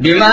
¿Verdad?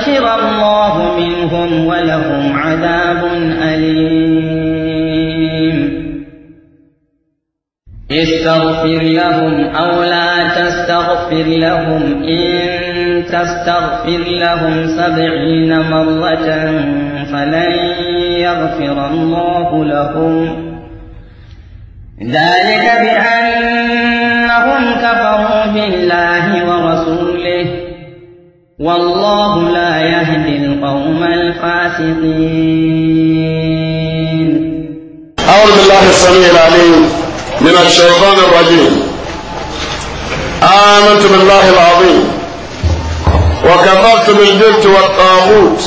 سخر الله منهم ولهم عذاب أليم استغفر لهم أو لا تستغفر لهم إن تستغفر لهم سبعين مرة فلن يغفر الله لهم ذلك بأنهم كفروا بالله ورسوله والله لا قوم الفاسقين أعوذ بالله السميع العليم من الشيطان الرجيم آمنت بالله العظيم وكفرت بالجبت والطاغوت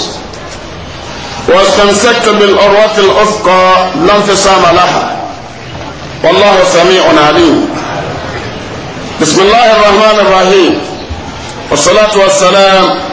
واستمسكت بالعروة الأثقى لا انفصام لها والله سميع عليم بسم الله الرحمن الرحيم والصلاة والسلام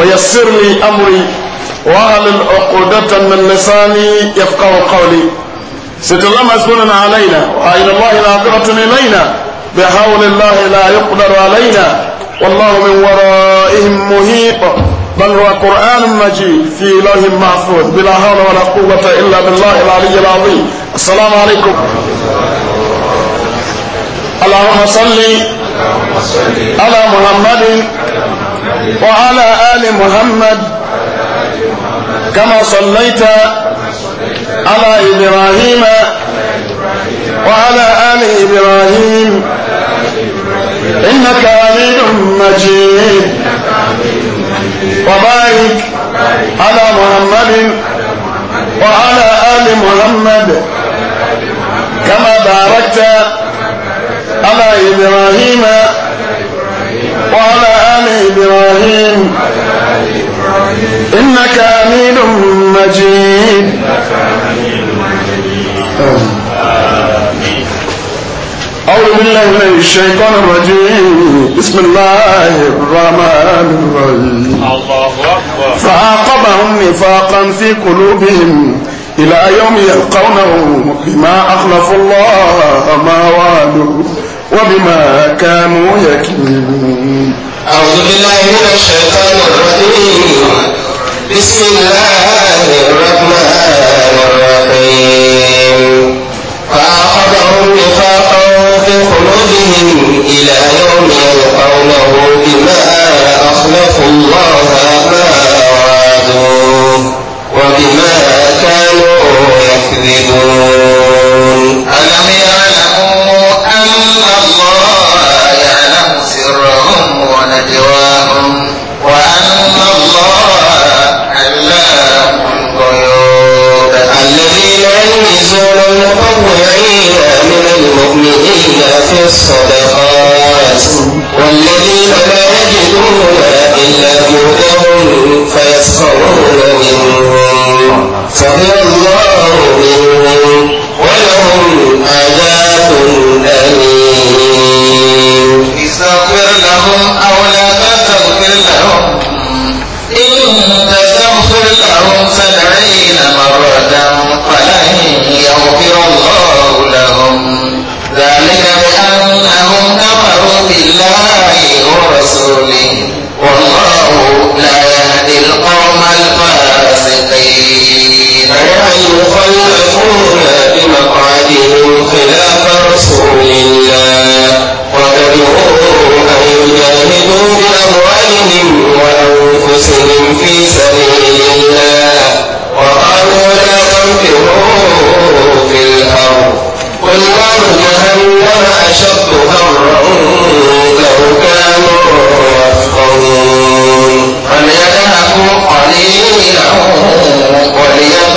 ويسر لي أمري وأهل عقودة من لساني يفقه قولي ست الله مسؤول علينا وعين الله العاقبة إلينا بحول الله لا يقدر علينا والله من ورائهم مهيق بل هو قرآن مجيد في إله محفوظ بلا حول ولا قوة إلا بالله العلي العظيم السلام عليكم اللهم صل على محمد وعلى آل محمد كما صليت على إبراهيم وعلى آل إبراهيم إنك عميد مجيد وبارك على محمد وعلى آل محمد كما باركت على إبراهيم وعلى آل إبراهيم إنك أمين مجيد أعوذ بالله من الشيطان الرجيم بسم الله الرحمن الرحيم الله أكبر فعاقبهم نفاقا في قلوبهم إلى يوم يلقونه بما أخلفوا الله ما وعدوا وبما كانوا يكذبون أعوذ بالله من الشيطان الرجيم بسم الله الرحمن الرحيم فأخذهم نفاقا في قلوبهم إلى يوم يلقونه بما أخلفوا الله ما وعدوه وبما كانوا يكذبون ألم يرى ونجواهم وأن الله علام الغيوب الذين يلمزون المطوعين من المؤمنين في الصدقات والذين لا يجدون إلا جهدهم فيسخرون منهم سخر الله منهم ولهم عذاب أليم تغفر لهم أو لا تغفر لهم إن تستغفر لهم سبعين مرة فلن يغفر الله لهم ذلك بأنهم كفروا بالله ورسوله والله لا يهدي القوم الفاسقين ويخلفون بمقعدهم خلاف رسول الله وتدعون وجاهدوا بأموالهم وأنفسهم في سبيل الله وقالوا لا تنفروا في الأرض قل نار جهنم أشد ضرا لو كانوا يفقهون فليذهبوا قليلا وليذهبوا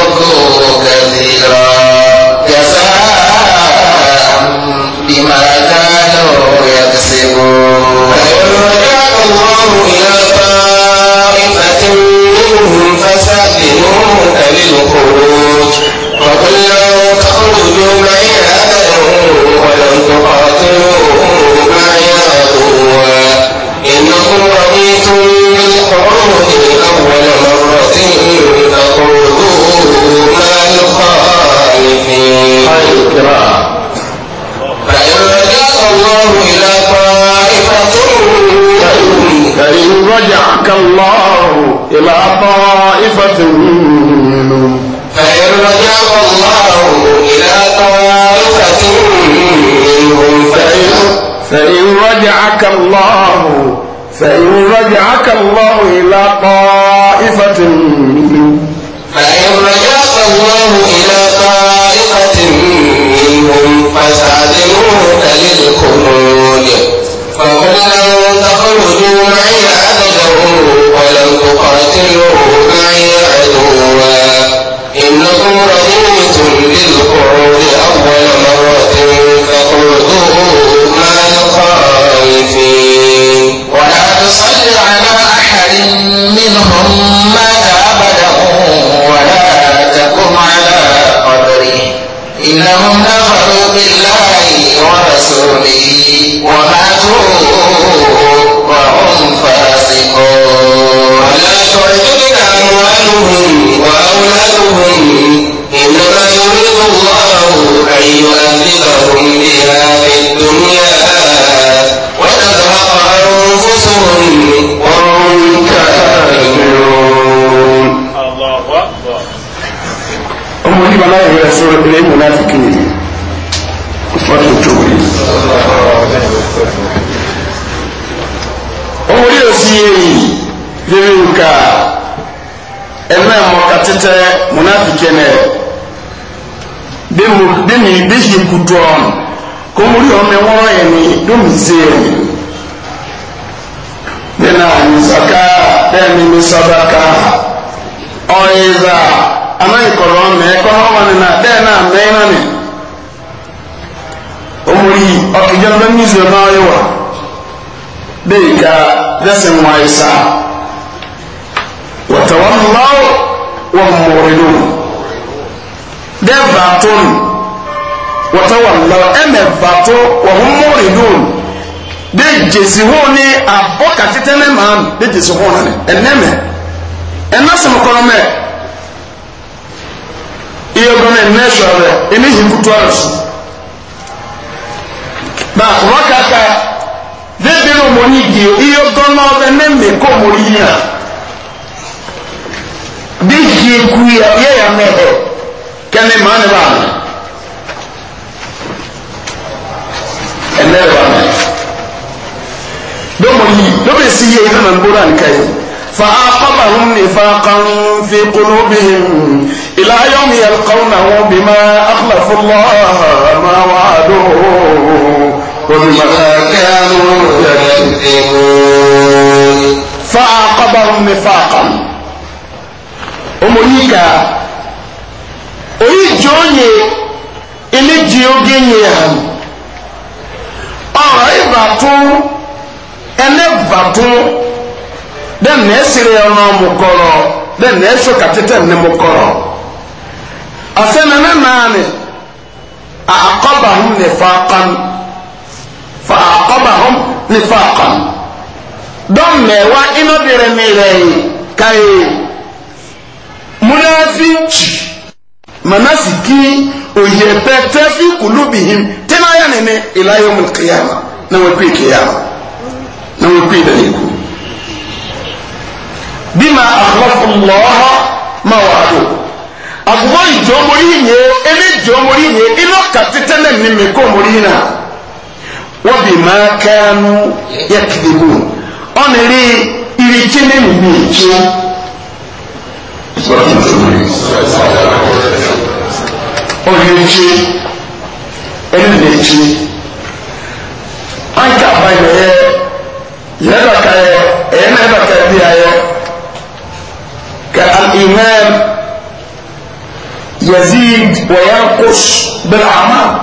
bí bàbá yẹn rẹ̀ sọ ilé mùnáfíkì nìyí fọ́tò tó wù. owó yóò sí èyí lérí nǹka ẹ̀rọ ẹ̀mọ́ka tẹ́tẹ́ mùnáfíkì ẹ̀ bí mi bí ṣe kutu ọ̀nà kó mo rí ọmọ ẹ̀wọ̀n yẹn ni lómi sí ẹ̀mí bẹ́ẹ̀ náà ní sàkà bẹ́ẹ̀ ni mi sọ́dọ̀ ká ọ̀yẹ́dà anayi kɔlɔ mɛ kɔnɔ wani na dɛ na mɛ na ni omori ɔkijɔn bɛ nyi zɛ n'ayi wa de ka dɛsɛ nwaye sa wɔtɔwɔlaw wɔ mɔrido dɛ baton wɔtɔwɔlaw ɛmɛ bato wɔ mɔrido de jesi hɔ ni abɔ katitɛ ne maa de jesi hɔ ne ɛnɛmɛ ɛnasɛm kɔnɔ mɛ iye gbɔmɛ nɛsɔ rɛ ɛni hinkutu arasi na kɔmɔ kaka ne bi no mo ni die iye gbɔmɔ bɛ ne mi kɔ mo ni yina bi hie ku ya ye ya mɛ hɛ kɛnɛ maa ne b'a mɛ ɛnɛ b'a mɛ dɔ mo yi dɔ bɛ si ye nana n bɔra nin ka fa akɔba hun ne fa kan fi kolo bi إلى يوم يلقونه بما أخلفوا الله ما وعدوه وبما كانوا يكذبون فعاقبهم نفاقا أمريكا oyi jonye ili jioge nye han ọrọ ibatu ẹnẹ batu dẹ nẹsiri ọmọ mu kọrọ dẹ nẹsọ katitẹ ne mu kọrọ. أسنن ماني أعقبهم نفاقا فأعقبهم نفاقا دم وإنو برميلي كي منافق manasiki oyepɛtɛ fi kulubihim tena ya nene ila yom alqiyama na wekui kiyama na wekui daliku bima ma llaha mawaaduhu agbogbo ìjọ mori yìnyẹ ẹni ìjọ mori yìnyẹ iná kàti tẹlẹ ní Ọ kó mori yìnyẹ wọ́n bì máa kẹ́hánu rí ìrìkí ní mímí ìjọ. ọ̀nà ìjọ ẹni ní ìjọ ànkà báyìí yẹ ya ya na ya ya يزيد وينقص بالاعمال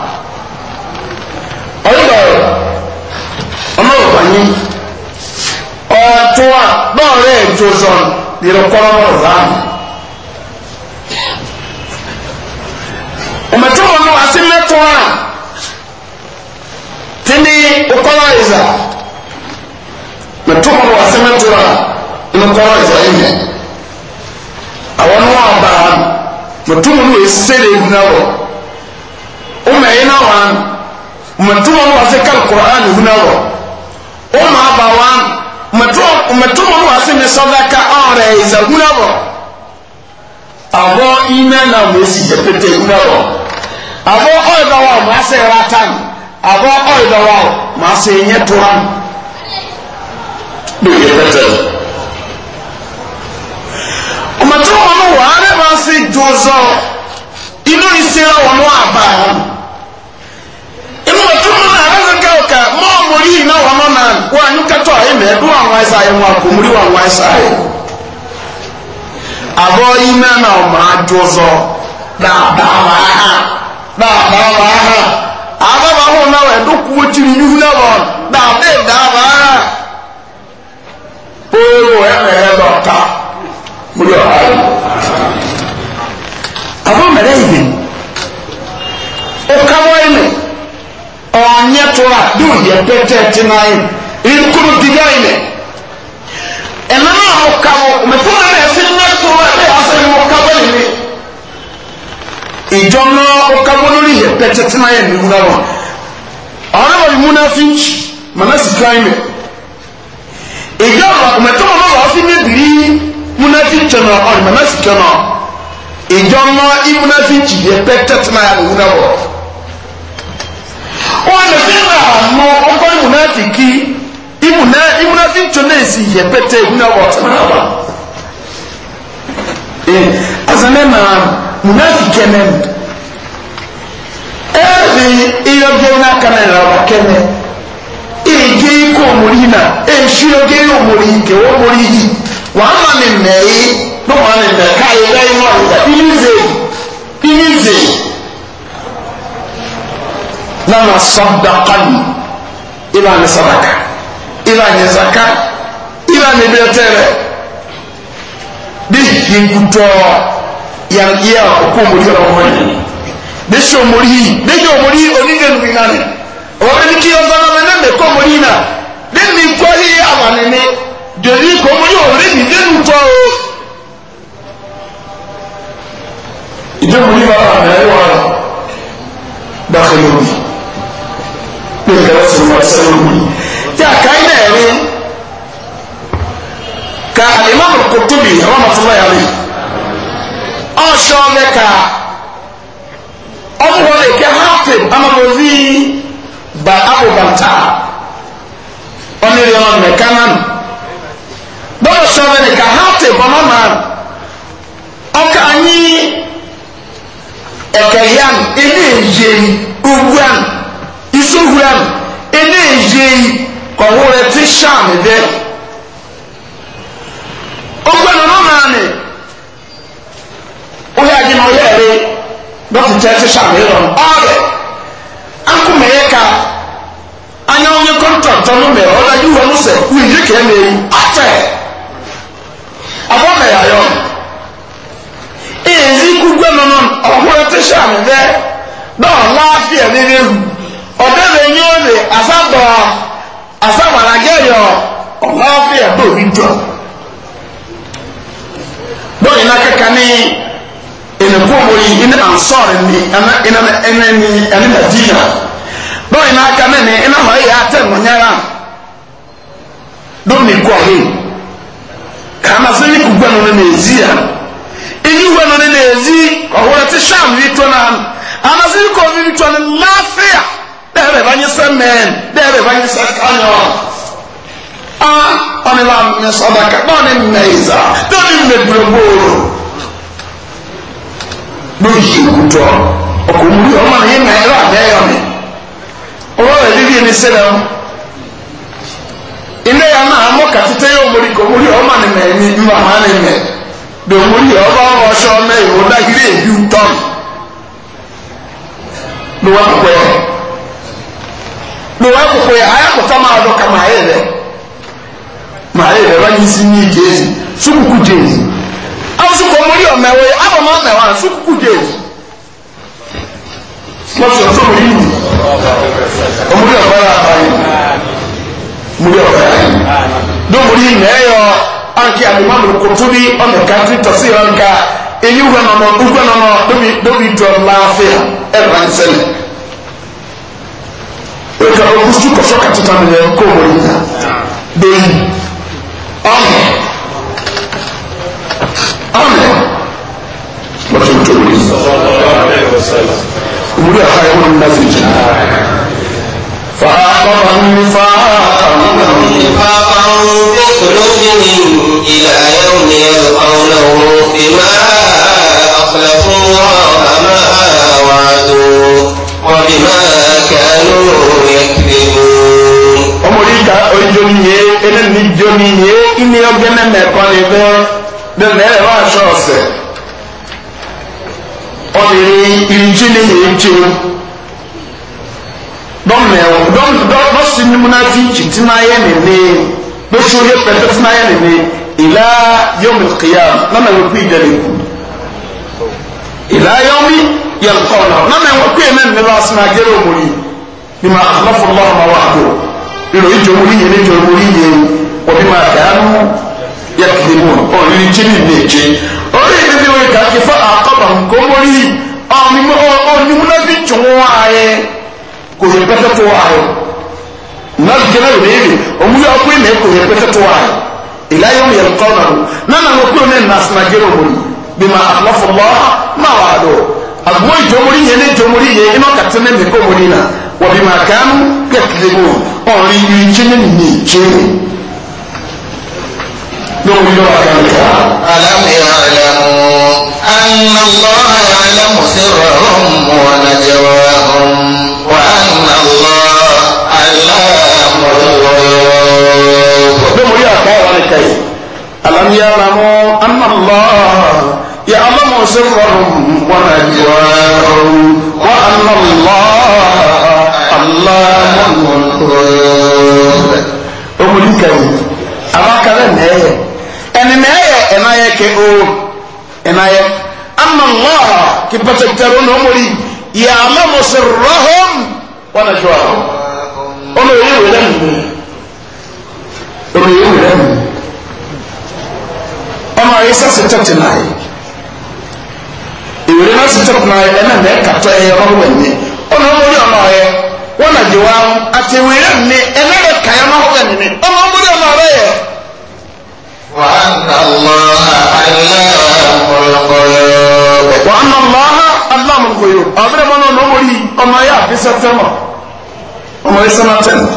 ايضا امر بني ọtún àpọ̀rẹ́ ìjọsọ̀n lèrọkọ́rọ́ ọ̀rán ọmọtí wọn wá sí mẹ́tọ́ à tí ní ọkọ́rọ́ ìzà mẹ́tọ́ wọn wá sí mẹ́tọ́ à ní mutum no esere na wɔ ɔma yi na wɔn mutum no wɔ se ka koraa na huna wɔ ɔma aba wɔn mutum no wɔ ne sɔdaka ɔrɛ ɛza huna wɔ abɔ ime na wɔn esi pete huna wɔ abɔ ɔyɛ wɔ wɔn asɛ ratan abɔ ɔyɛ wɔ wɔn asɛ nyɛ toran do yɛ pete. ime do wa nwa isa ayi nwa komuri wa ime na ọma adzɔzɔ daadaa na ha daadaa e na wɔ ɛdo na wɔ daade daa wa ha pooro ɛmɛ yɛ dɔta muri ɔha yi nkuru digaine ɛnana a mokamo mefona na ɛsi nna to ɛbɛ asɛ ne mokabo ne mi ìjọ náà mokabo no ne yɛ pɛtɛtena yɛ ne wura wa ɔno wɔ mu na fi mana si kraime ìjọ náà mɛtɔmɔ náà wɔ fi mebiri mu na fi kyɛ náà ɔne mana si kyɛ náà ìjọ náà imu na fi kyi yɛ pɛtɛtena yɛ ne wura wa wọn lè fi ra àmọ ọkọ ìmúnáfìkì imuna imuna fi ntonesi yɛ pɛtɛ imuna wɔtɔ n'aba ee azanɛ na muna fi kɛnɛ mu ɛɛbi iyɔge n'akana yɛ ɔba kɛnɛ ege ikɔ omori na esu yɔge omori nke omori yi wàhánà mi e, mɛyi ní wàhánà mi mɛka yi e lɛyi wà yi la inize inize nana sɔdakani ibà ni sɔdaka ila nyezaka ila nibetere bihinkutɔ yangiya ko mori yɔrɔ mɔni ne sɔ mori ne jɔ mori oni de nufin na ne wa bɛ ni kiyɔ fana mɛ ne mɛ kɔ mori na ne ni kɔ ye awa ne ne joli ko mori o ne ni tɔ o. ìjọ mori b'a la mɛ e wa la dakɛ lori ne yɛrɛ sɔrɔ ma sɛbɛn wuli. a ka ɲi ka alimami kutubi rahmatulahi ali ọsọ bẹ ka ọmọ rẹ hafi amamovi ba abubanta ọmọdé ọmọ mẹkanan bọ́lá ọsọ bẹ ka hafi bọ́mọ́mà ọkà anyi ẹ̀kẹ̀yàn ilé ìyẹn ugbuan isuhuan ilé ìyẹn kọ̀wé rẹ ti sàmì bẹ́ẹ̀. ogbe nọ n'ọnàní oyè àjẹ náà oyè ẹ̀rí dọ́kítà tẹ́ ti sàmì lọ ká anya onye kọ́ńtọ̀tọ̀ ló mẹ̀ ọ̀rẹ́ yìí wọ́n sẹ̀ wíì yìí kẹ́ mẹ́ ewu atẹ́ abọ́mẹ̀yà yọ èyí kúgbẹ́ nọ nọ ọ̀húnrẹ́ ti sàmì bẹ́ láàfíà nínú asábọ̀ yọ bọ́ọ̀lù na yìí àtẹ̀mọ̀nyára lónìí ní kúgbẹ́ nínú nàìjíríà inú ìwé nínú nàìjíríà ọ̀húnrẹ́ ti sàm yìí tó náà anasi kò ní tó ní láfíà dẹ́rẹ̀ bá yín sẹ́ mẹ́ẹ̀n dẹ́rẹ̀ bá yín sẹ́ kányọ̀. ah ọni la mẹ sọdaka bọni mẹ ìzà bọni mẹ gbogbooro lórí ìkútọ ọkọ múlí ọmọ ní mẹ ẹrọ àbẹyọ mi ọwọ rẹ lílí ẹni sẹlẹ o ilé yẹn náà mọ kàtútẹ yóò múlí ọma na ọmọ ní mẹ ẹni bí màmá ní mẹ ọba màáyé rẹ̀ wáyé sí ní jésù súkúkú jésù àwọn sùkú ọmọdé ọ̀mẹ̀wé àbọ̀mọ̀ ọ̀mẹ̀wá rẹ̀ súkúkú ọbara lọ́sọ̀ tó mú yìí ọmọdé ọ̀bára àbáyé ọmọdé ọ̀bára dọ́mọdé yìí nẹ́yọ ànkì àdìmọ́nù kòtò ní ọ̀nà ọmọ ọmọ lọ́tún tó wuli. wúlò ẹ̀ka ẹ̀wọ̀n ní láti jù. fàákọ̀ọ́ ní fàákọ̀ọ́ ní fàákọ̀ọ́ yóò ní ẹ̀lùkọ̀ọ́ lọ́wọ́ ìmá ọ̀pẹ̀lẹ̀kùn wọn àmà àwàdù wọn bí máa kẹ́lù yẹ ọmọdé ìjà oúnjẹ oníyẹ ene ni dzomi ye ini ɔgbɛ mɛmɛ kɔni bɛ bɛ mɛlɛ wa sɔ ɔsɛ ɔyiri irinji ni yɛ ntso dɔmɛw dɔm dɔm dɔsi nimunati titi n'ayɛ nene dɔsi oye pɛtɛ ti n'ayɛ nene ila yomi kiya nana wo kui dɛli ku ila yomi yɛn kɔn nana wo kui mɛ nene ba sinagere omori ni ma alafu ma wa do. nínú ìjọba oníyè ní ìjọba oníyè ọbí máa dàánú yẹtìlímù ọ̀rìn jẹ́mi méje ọ̀rẹ́ ìlú ndị wọ́n kà kí fún àkọ́bà nkọ́mọ́rí ọ̀nìmúnáfi jùwọ́n ayẹ kò yẹ pẹ́tẹ́ tó ayẹ náà gẹ́gẹ́ ọkùnrin náà kò yẹ tó ló kúrò bí wà yẹn ní yẹn iná náà wọ́n bí ọ̀rí ibi kíni ní kíni lórí lọ́wọ́ àkàlẹ̀. alámi àlàmù anàlọ́ àlàmù sí rọrùn wọn àjẹwà ọ̀hún wà ánàlọ́ àlàmù rọrùn. lórí àkàlẹ̀ wọn kẹ́yì alámi àlàmù anàlọ́ yàlámù sí rọrùn wọn àjẹwà ọ̀hún wà ánàlọ́ omuli kayi abakala nɛɛyɛ ɛni nɛɛyɛ ɛnayɛ ke o ɛnayɛ ama allah ki pɛtɛkitɛri o na omuli yaama musirrahum wana jɔ awo ɔna oye wele mu ɔna oye wele mu ɔna oye sase tɛti n'ayi ewele na sase tɛti n'ayi ɛna nɛɛ wọ́nà jẹ̀wá àti ìwéyà mi ẹ̀mí rẹ̀ kàyà máa wọ̀ ẹ̀mí ọmọ múlí ọmọ rẹ̀ yẹ. wàhánà lọ́ha aláàmúlòkòyò. wàhánà lọ́ha aláàmúlòkòyò ọ̀bẹ̀rẹ̀ mọ́nà ọmọ yìí ọmọ yà fi sẹ́tẹ́mọ̀ ọmọ yìí sẹ́mà tẹ́lẹ̀.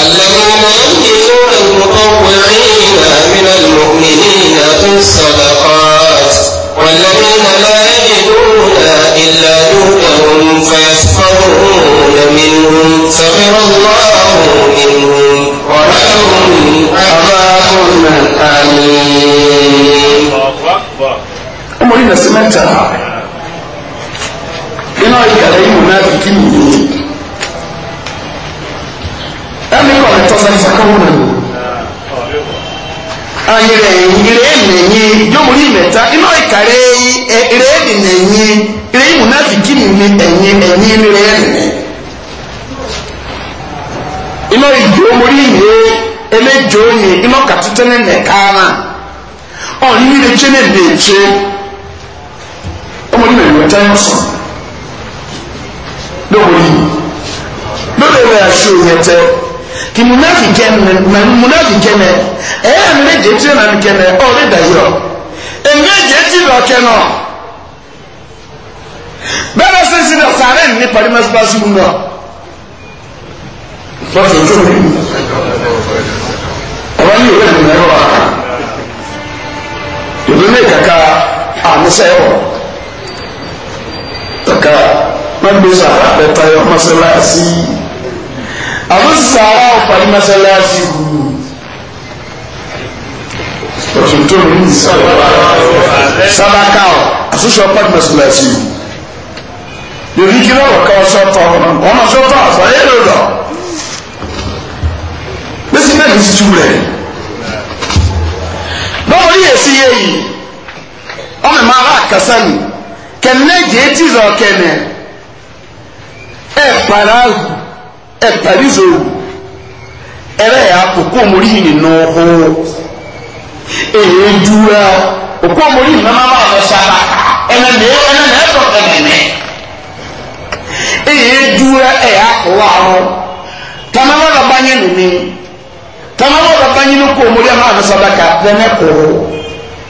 الذين ينفقون المطوعين من المؤمنين في الصدقات والذين لا يجدون إلا جهدهم فيسخرون منهم سخر الله منهم ولهم عذاب أليم أمرنا سمعتها iná ìkàlẹ̀ yìí múná kìkì nìyí ẹni kọ̀ọ̀lẹ̀ tọ́sán ìsàkọ́wọ́n náà anyere ireni ire e, munafiki ni enyi enyi ireni ino yo muri ye e ni ino katutene ne kana na ni leche ne leche omori me meta yoso do muri do ya ti munafi kene na munafi kene e ya mbe je ti na kene o le da yo e nge je ti lo kene bẹ́ẹ̀ sì sí lọ sàárẹ̀ ní parí mẹ́sàlásì mú náà lọ́sọ̀ tó rí ọ̀rọ̀ ní ìwé ìrìnà ẹ̀rọ àkà ìlú ní kàkà àmísẹ́ ẹ̀rọ kàkà má gbé sàárà pẹ̀tayọ mọ́sálásí àmọ́ sàrà ọ̀pàdé mọ́sálásí wù ọ̀tún tó ní sábàkà ọ̀ àtúnṣe ọ̀pàdé mọ́sálásí wù lórí kí lọ́wọ́ ká ọsọ tọ̀ ọmọ sọ tọ̀ àfọ ayé ló lọ lẹ́sí náà ní títú rẹ̀ báwo ni èsì yẹ yìí ọmọ ìmọ̀ ara àkàsá nù kẹ̀mínẹ́ jẹ́ tí zọ̀ kẹ̀mẹ́ ẹ̀ pàrọ̀ àgùn ɛparizo ɛrɛ yɛ akoko omori yi ninu ho ehedura oko omori yi nana ma ɔlɔ saba ɛnɛ ne ɛnɛ ne ɛtɔ ɛnɛnɛ ehedura ɛyɛ akowa ho tamama na ba nye nini tamama na ba nye noko omori ama ɔlɔ saba ka ɛnɛ koro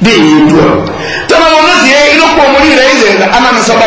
de ehedura tamama na zie noko omori yi rɛ ɛyɛ ana ɔlɔ saba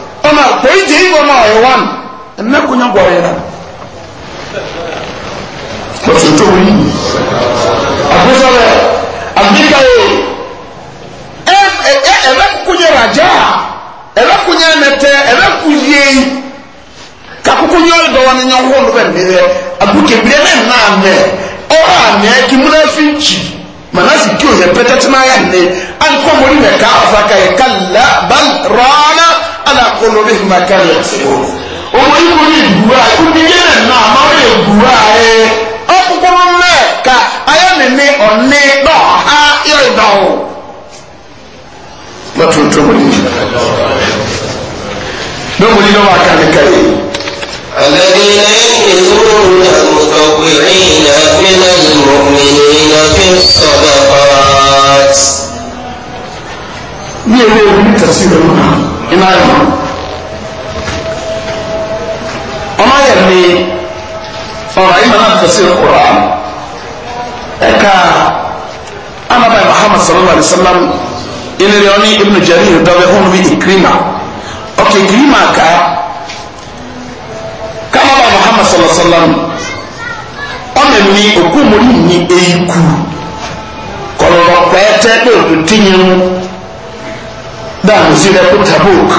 ọmọ àgbọ̀yì jẹ́ ìwọ náà ọ̀yọ̀ wà ẹ̀mẹ́ kò yàn bọ̀ ọ̀yẹ̀rẹ̀ lọ́sọ̀ tó wí àgbésọ̀rẹ̀ àbíkà yìí ẹ ẹ ẹ̀rẹ́ kò yẹ ràjá ẹ̀rẹ́ kò yẹ ẹ̀mẹtẹ ẹ̀rẹ́ kò yẹ kakuku nyɛ dɔwɔ ni nyɔnko no bɛ mbɛ abukebiɛ ne nna amɛ ɔrɔ amɛ fi nkyi manasi ki o yɛ pɛtɛtɛmɛ ayɛ ne ankɔmori mɛ kaa afa ka yɛ e kala bal rɔɔna alakolo bí ma ká lè ti o ọmọ yìí kò ní ìdúrà ikú ní yẹn nà má ó yẹ dúrà ẹ ọkùnkùn ká ayé nìní ọ̀ní dọ̀ha yẹ dọ̀wọ̀ lọ́tún tó mọ̀ nìyí lọ́mọ yìí lọ́wọ́ àkàlẹ́kà yìí. الذين يكرهون المطوعين من المؤمنين في الصدقات. ina yɛ ɔma yɛ ni ɔra ima na tafsir quran ɛka anaba muhammad sallallahu alaihi wasallam ina yɛ ɔni ibnu jarir dɔbɛ hɔn bi ikrima ɔkè ikrima ka kanaba muhammad sallallahu alaihi wasallam ɔna ni okumuni ni eyiku kɔlɔlɔ pɛɛtɛ pɛ o ti dáhùn sí rẹ kó tabuk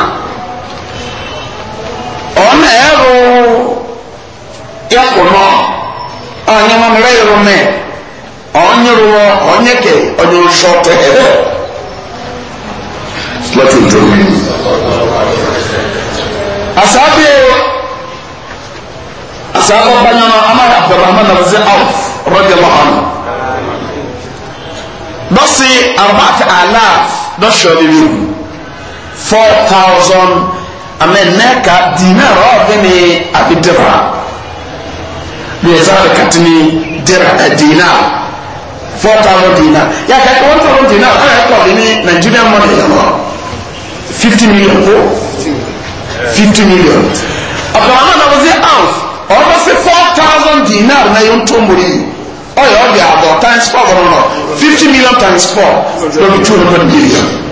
ọ̀nà ẹ̀rọ yakùnà ọ̀nyẹ́mọ̀n rẹ̀ yọrọ mẹ́ ọ̀nyẹ́rọ ọ̀nyẹ́kẹ̀ ọ̀nyẹ́sọ̀ tẹ̀ láti ìjọ mi. asaabe asaaba banyana amara abdulrahman abdul awf rọjò lọhàn dọ́sí arbaat alaaf dọ́sọ̀ọ́ nínú four thousand Amen. ameneka dinar ɔfini abi dira lezari katini dira dinar four thousand dinar yakɛ one thousand dinar ɔyɛ kɔbi ni nigerian money yɛ lɔ fifty million ko fifty million abdulhamid abuzi ounce ɔbɛ se four thousand dinar na yɛ ntomori ɔyɛ ɔdi abɔ times four kɔnɔ fifty million times four lɔbi two hundred million.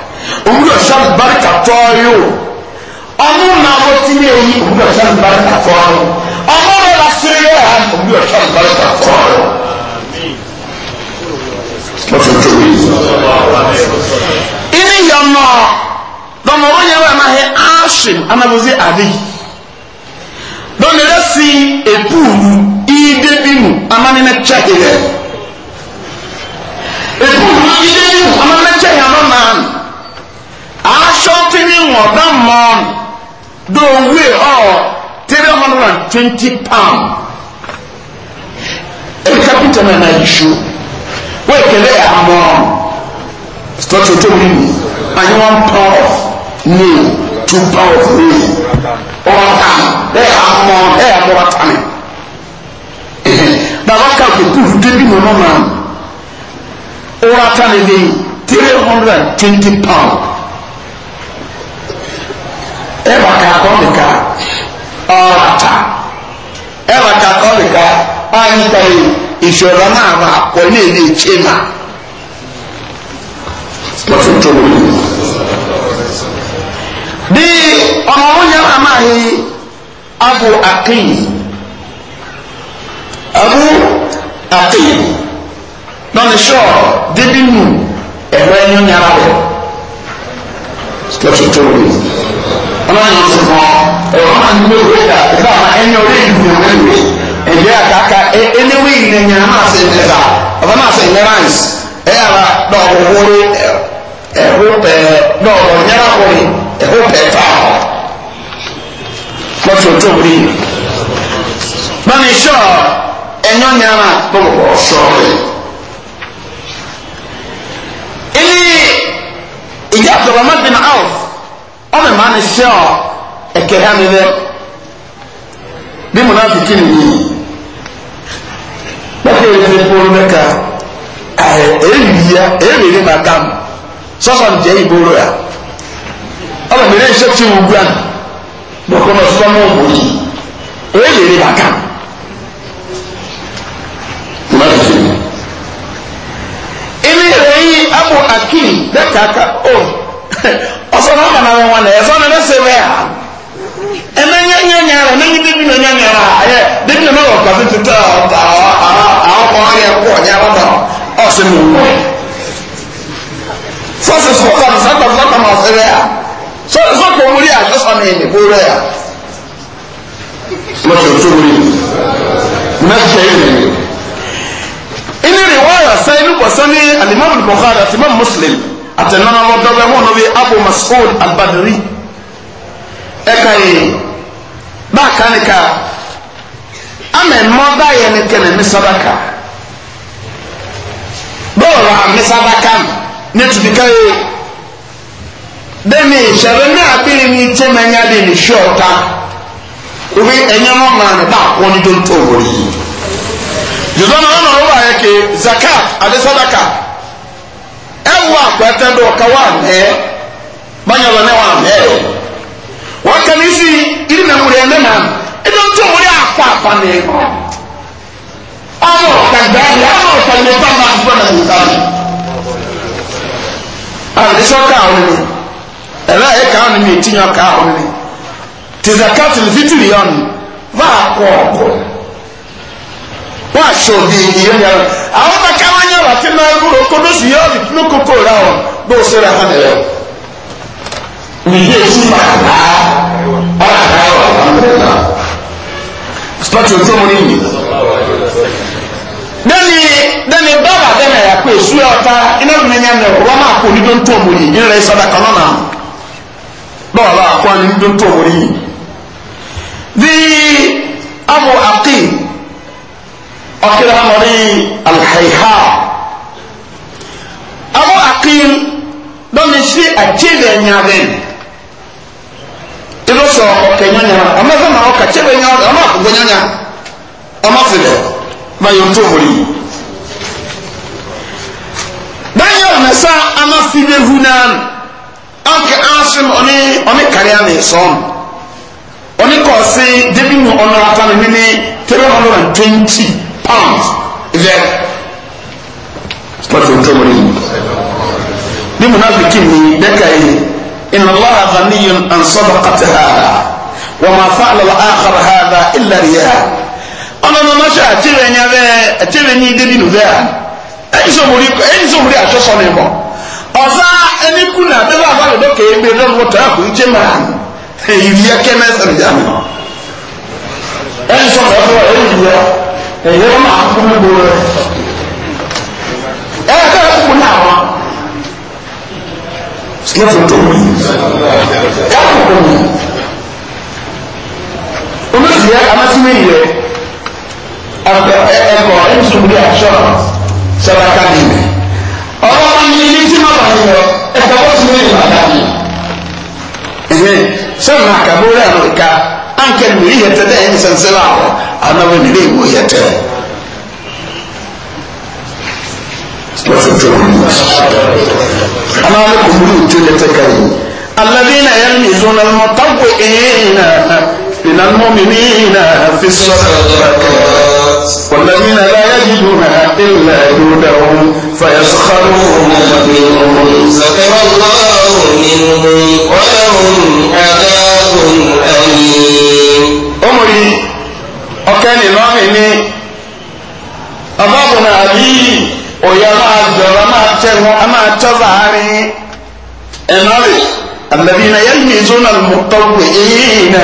òwúrọ̀ sàn barika tọ́ yóò ọmọ náà wọ́n ti yé oyin òwúrọ̀ sàn barika ha òwúrọ̀ sàn barika tọ́ yóò. Ini yɔnɔ nọ o yɛ wɛ ma na aahyin anabuzi adi si ebu ide bi mu na ide bi mu shorting of that man, the we all 320 pounds e kapita na naishu wekele ya amon stọtụ tó wuli mi anyị wọn pound of meal two pound of meal ọwọ ta ẹ yà amọ ẹ yà amọ ta mi baba ka kòkòrò débi nínú náà ọwọ ta mi bẹyì three hundred and twenty ɛwà kakɔlika ɔrata ɛwà kakɔlika anyita yi ìṣòro náà ma kọ ní èdè tse ma lọsùn tó wọlé bí ọmọ wọn yẹ màmá yìí abu akéyì abu akéyì lọ́nà sọ débi ẹ̀rọ ẹ̀yọ́ nyara rẹ̀ lọsùn tó wọlé ọmọ yẹn sọ fún ọ ọmọ yẹn ní owó ẹ̀dá ẹ̀dá ọmọ ẹni orí ìlú ẹ̀wọ̀n ẹ̀wẹ̀ ẹ̀dẹ́ àkàkà ẹ̀ẹ́nẹ́wé yìí nìyẹn náà sẹ̀ ẹ̀dá ọba náà sẹ̀ ẹ̀mẹ́ráns ẹ̀yàrá dọ̀wọ̀wọ̀rẹ́ ẹ̀hó pẹ̀ dọ̀wọ̀nyẹ́rẹ́kùnrin ẹ̀hó pẹ̀ fà lọ́tọ̀ọ̀tọ̀wọ̀rẹ́ báni sọ ẹ̀yọ́ nyàrá bọ̀wọ̀ sọ̀rọ̀ ilé ìjà abdulrahman bin auf ọmọ ìmọ̀ ni ṣẹ́ ọ ẹ̀kẹ́ hẹ́ mi bẹ́ bí mo náà fi kí nìyí bẹ́ẹ̀ ni ẹni bóró mẹ́ka èyí ya èyí rí ma dam sọ́sọ́ ní jẹ́ ìbóró ya ọmọ mi náà ṣe tí wù gbà lọ́kọ́ náà sọ́mọ́ òmò yìí èyí rí ma dam mo náà fi kí nìyí. ilé ìròyìn abu akin ọsọ náà kàn náà wọn náà ẹsọ náà ẹsẹ wẹ à ẹnẹ nyẹ nyẹ nyẹ rẹ ẹnẹ nyẹ bíbí nyẹ nyẹ rẹ ayẹ bíbí nyẹ wọ kọfí tuntun àwọn àwọn kọ ayẹ kọ ọnyẹ alọdọ ọsẹ mi wọ sọsọ sọ kọ sọtọ sọtọ ma ọsẹ rẹ à sọsọ sọ kọ wúri à sọsọ mi ní kó rẹ à lọsọ tó wúri náà ṣe é nìyí. inú rẹ̀ wọ́n yà sẹ́yìn ní kọ̀sán ní alimami bukhari àti imam muslim. àtẹnana lọ́dọ́gbẹ́ wọn lórí abu masoud albadri ẹ̀ka yìí báàkà nìka ama ẹ̀mọ́ báyẹ̀ ní kẹ́nẹ̀ ní sadaka bọ́ọ̀lù àmì sadaka ní tùbíkà yìí dẹ́mi ìṣẹ̀lẹ̀ ní abiri ní ìtẹ́ mẹ́nyá di ní ṣú ọ̀tá wíwí ma mọ́ mọ́ ní báàkọ́ ní zakat ɛwɔ akɔɛtɛ do ɔka wa mɛɛ banyɔlɔ ne wa mɛɛ wɔka ne si iri na nwere ɛnɛ na ɛdɛ ntu nwere akɔ akɔ ne ɔmɔ kagba ne ɔmɔ kagba ba ma fɔ na nta ne a ne sɔ kaa wɔn ne ɛlɛ ayɛ kaa wɔn ne eti nyɔ kaa wɔn ne tezaka tezifitiri yɔn va akɔ ɔkɔ wọ́n aṣọ òbí ìyẹn yẹn lọ àwọn bàkà wọn yẹn wà fún náà rúrò kó lóṣù yẹn òbí tún kókó rà wọn bó o sọ̀rọ̀ àwọn ẹ̀rọ. nìyí èsì máa bá ọ̀rọ̀ àgbà wà lọ́wọ́ sọ́tù tó mú nìyí. dẹ́ni dẹ́ni bábà dẹ́ni ẹ̀yà pé èsù yà ọ̀tá iná mi yẹn nà wọ́n máa kó onídó tó mú yìí ìrẹ̀ ìsọdá kan náà báwa bá wà kó onídó tó mú yìí. bí abu akim ɔkira mɔri alhaiha awo akin dɔmi si akyebe nyaden ebi sɔ kɛnyanya ɔmɛ fɛn ma ɔka kyebe nya ɔmɛ akogo nyanya ɔmɛ fɛlɛ ma yɛ nto mɔri bɛyɛ ɔmɛsa ama fi bi hu nan ɔkɛ asom ɔne ɔne kari ame sɔn ɔne kɔɔsi debi mu ɔno ata ne ne three hundred na twenty. arms there pàtó tó wọlé yìí bí munafiki ni dẹ́ka yìí inna allah ghaniyun an sadaqati hada wa ma fa'ala al-akhar hada illa riya ọlọ́nà ma ṣe àtìrẹ̀ ẹ̀yà bẹ́ẹ̀ àtìrẹ̀ ẹ̀yìn débi nù bẹ́ẹ̀ ẹ̀yìn sọ̀mùrí ẹ̀yìn sọ̀mùrí àṣọṣọ ni bọ̀ ọ̀sá ẹni kú nà bẹ́ẹ̀ bá bàbá lókè é gbé lọ́nà wọ́tọ̀ àkùn jẹ́ màá ìrìyà kẹ́mẹ́sàn-án jáde ẹ̀yìn sọ̀mùrí ọ̀fọ̀ ẹ̀yìn ìrìyà èyí ló máa fún mi gbòòrò rẹ ẹ ẹ kẹrẹ fún mi àwọn sikẹti tó mi káàkiri tó mi olóòtú yẹ amásímẹ yẹ àgbẹ ẹ ẹ kọ ẹ ní sùnmù bí aṣọ sábà káàdì mi ọwọ́ wọn ní ilé tí wọn bá yẹ lọ ẹ kọ wọn sì ní ìlú àdáyé ẹhìn sọ ma kàbó rẹ àná ìka ànkẹ mi yẹ tẹtẹ ẹ ní sẹnsẹ láwọ anáwó nílé ìwò yẹtẹ anáwó kò múlò tó yẹtẹ káyìí aladina yẹn ní zuna mọ tako ìyìnà ìnànú mímìnà fi sọdọ والذين لا يجدون إلا جودهم فيسخرون منهم سخر الله منهم ولهم عذاب أليم أمري ọ̀kẹ́ ni mọ́mì ni ọmọbùnà àbí òye máa jọ̀rọ̀ máa tẹ̀ wọ́n a máa tọ́ bàárín ẹ̀nọ́rì àlẹ́bìnà yẹn mi zónà lùmọ́tọ́gbè yìí nà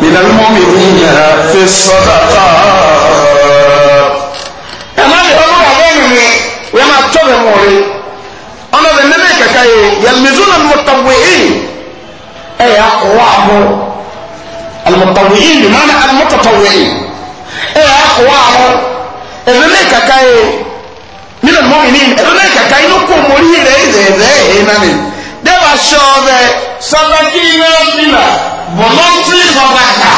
nínà lùmọ́mì yìí nà fi sọ́dà tọ́ ẹ̀nọ́rì ọlọ́wọ́ àbẹ́yìn mi wọ́n máa tọ́ bẹ̀ wọ̀rẹ́ ọlọ́bẹ̀ nílẹ̀ kẹ̀kẹ́ yìí yẹn mi zónà lùmọ́tọ́gbè yìí ẹ̀yà wà á bọ̀ alùmọ́tọ́gbè yìí nì ɛyɛ akɔwa hɔ ɛbɛ ne kaka yɛ nínú mɔmìnì ɛbɛ ne kaka yɛ nínú kòmòrì yɛ lɛ ɛyɛ ɛyɛ ɛyɛ nani dɛbɛ ahyɛ ɔbɛ sadaki yɛ ɔbila bɔlɔnti sɔbaka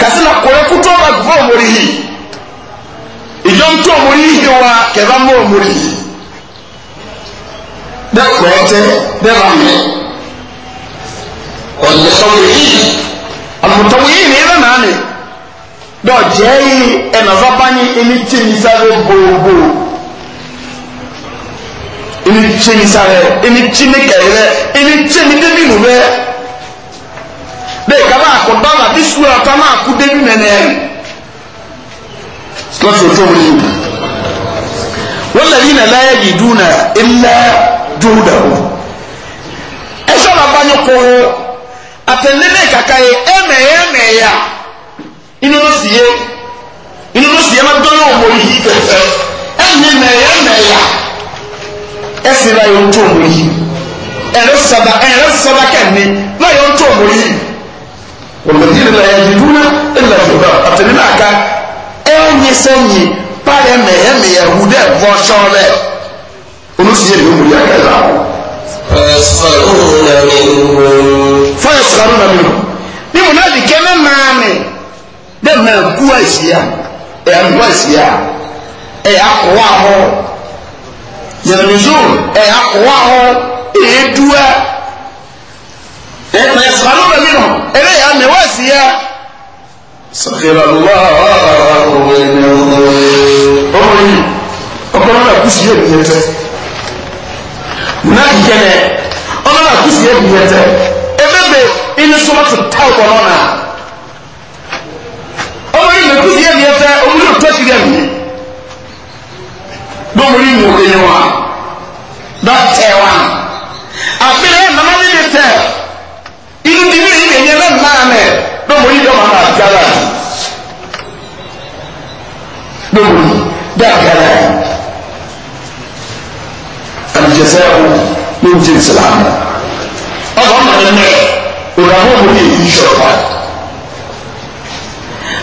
kasi na kɔyɛ kutu ɔba gbɔ ɔmòrì yi ìjọ ntú ɔmòrì yi wa kɛfɛ mɔ ɔmòrì yi dɛ kɔɛtɛ dɛ bamɛ ɔnyɛ sɔmòrì yi ɔmòtɔmòrì yi ni ɛbɛ nani dɔjɛ yi ɛnazɔpanyi ɛni tsenisare gbogbo ɛni tsenisare ɛni tsenikɛyi rɛ ɛni tsenidebinu rɛ bɛyi kaba akɔ dɔla bi suya tama aku debi nɛnɛ lọsọ tó wuli wọlé yìí nàlá yẹ yìí dùn náà ilẹ dùdà wò ẹ sọ la bá nyọ kó atẹnudẹ kàkà yìí ẹ mẹ yẹ mẹ yà inú ló sì yé inú ló sì yé má dọ́nà òmò yìí fẹ́fẹ́ ẹ̀mí mẹ̀yà mẹ̀yà ẹ̀sìn náà yóò tó òmò yìí ẹ̀rẹ́ sọ̀dá ẹ̀rẹ́ sọ̀dá kẹ́ni náà yóò tó òmò yìí wọ̀lọ́dún ìlà ẹ̀yìn dúró ìlà ìjọba àtẹ̀lé náà ká ẹ̀yìn sẹ́yìn báyẹ̀ mẹ̀yà mẹ̀yà wù dẹ́ bọ́ sọ́ọ̀lẹ̀ olùsíyẹ̀ yóò mú yàrá ẹ̀ láwọn. fọ́yẹ̀sì dɛ mɛ gu ahyia ɛho ahyia ɛyɛ akowa hɔ yɛnuzo ɛyɛ akowa hɔ ɛyɛ dua ɛyɛ sanu bɛ mi nɔ ɛyɛ yɛ mɛ wahyia sakirallah ɔmɔnyi ɔkɔnɔ na kusi yɛ niyɛ tɛ na yɛnɛ ɔmɔ na kusi yɛ niyɛ tɛ ɛbɛ bɛ ɛni sɔmɔ ti ta ɔkɔnɔ na ọmọdé ìmẹ̀kú sí ẹ̀mí ẹ̀fẹ́ ọmọdé òtú ẹ̀sì rẹ̀ mú lọ́mọdé ìmọ̀ òkè yẹn wá dọ́tẹ̀ wá àpẹẹrẹ nana ní ní tẹ inú bí mi ìmẹ̀ yẹn náà náà mẹ lọ́mọdé ìdọ́ màmá àgbàlá lọ́mọdé dàgbàlá àlùjẹsẹ̀ ọ̀hún ló ń jẹ́ ìsìlámù ọ̀dọ́ ọ̀nà ẹ̀mẹ́ òrànwọ́ mi ní ìṣọ̀kan.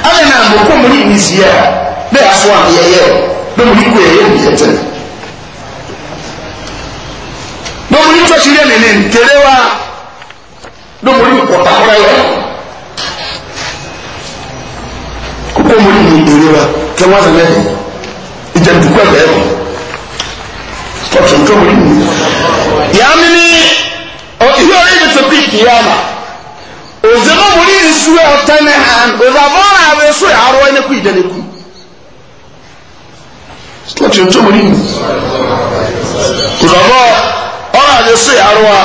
ale na mbụ kó mori mi si yẹ bẹẹ afọ àmì ya o bẹẹ mori kó ya mi yẹ tẹ bẹẹ mori tó ti yẹ nìyẹn ntẹlẹ wa bẹẹ mori kọta kọrẹ yẹ kó mori mi ntẹlẹ wa kẹ wọn sẹ bẹẹ ìjẹ dùkú Ya yẹ ọtún tó mori mi yà á mímí ọ ìyọrí ozema muri nsuo a han ozabɔra a bɛ so yɛ arowa ne ko ida ne ku lọtí ntọ́ mọ̀ nínú tòdàbọ̀ ọ̀rọ̀ àjẹ sí àrùwá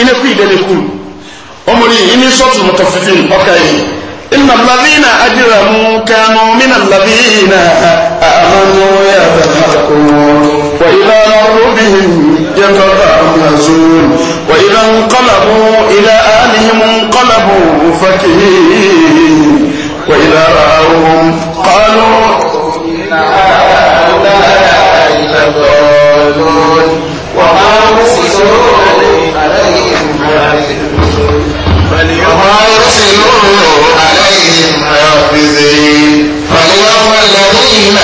iná kú ìdẹ́ni kú ọmọ ní ìní sọ́ọ̀tù mọ̀tọ̀ fífín ọ̀ka yìí iná ladina adira mu kanu mina ladina amanu وإذا انقلبوا إلى أهلهم انقلبوا فكهين وإذا رأوهم قالوا إن هؤلاء لضالون وما أرسلوا عليهم وما يرسلون عليهم حافظين فاليوم الذين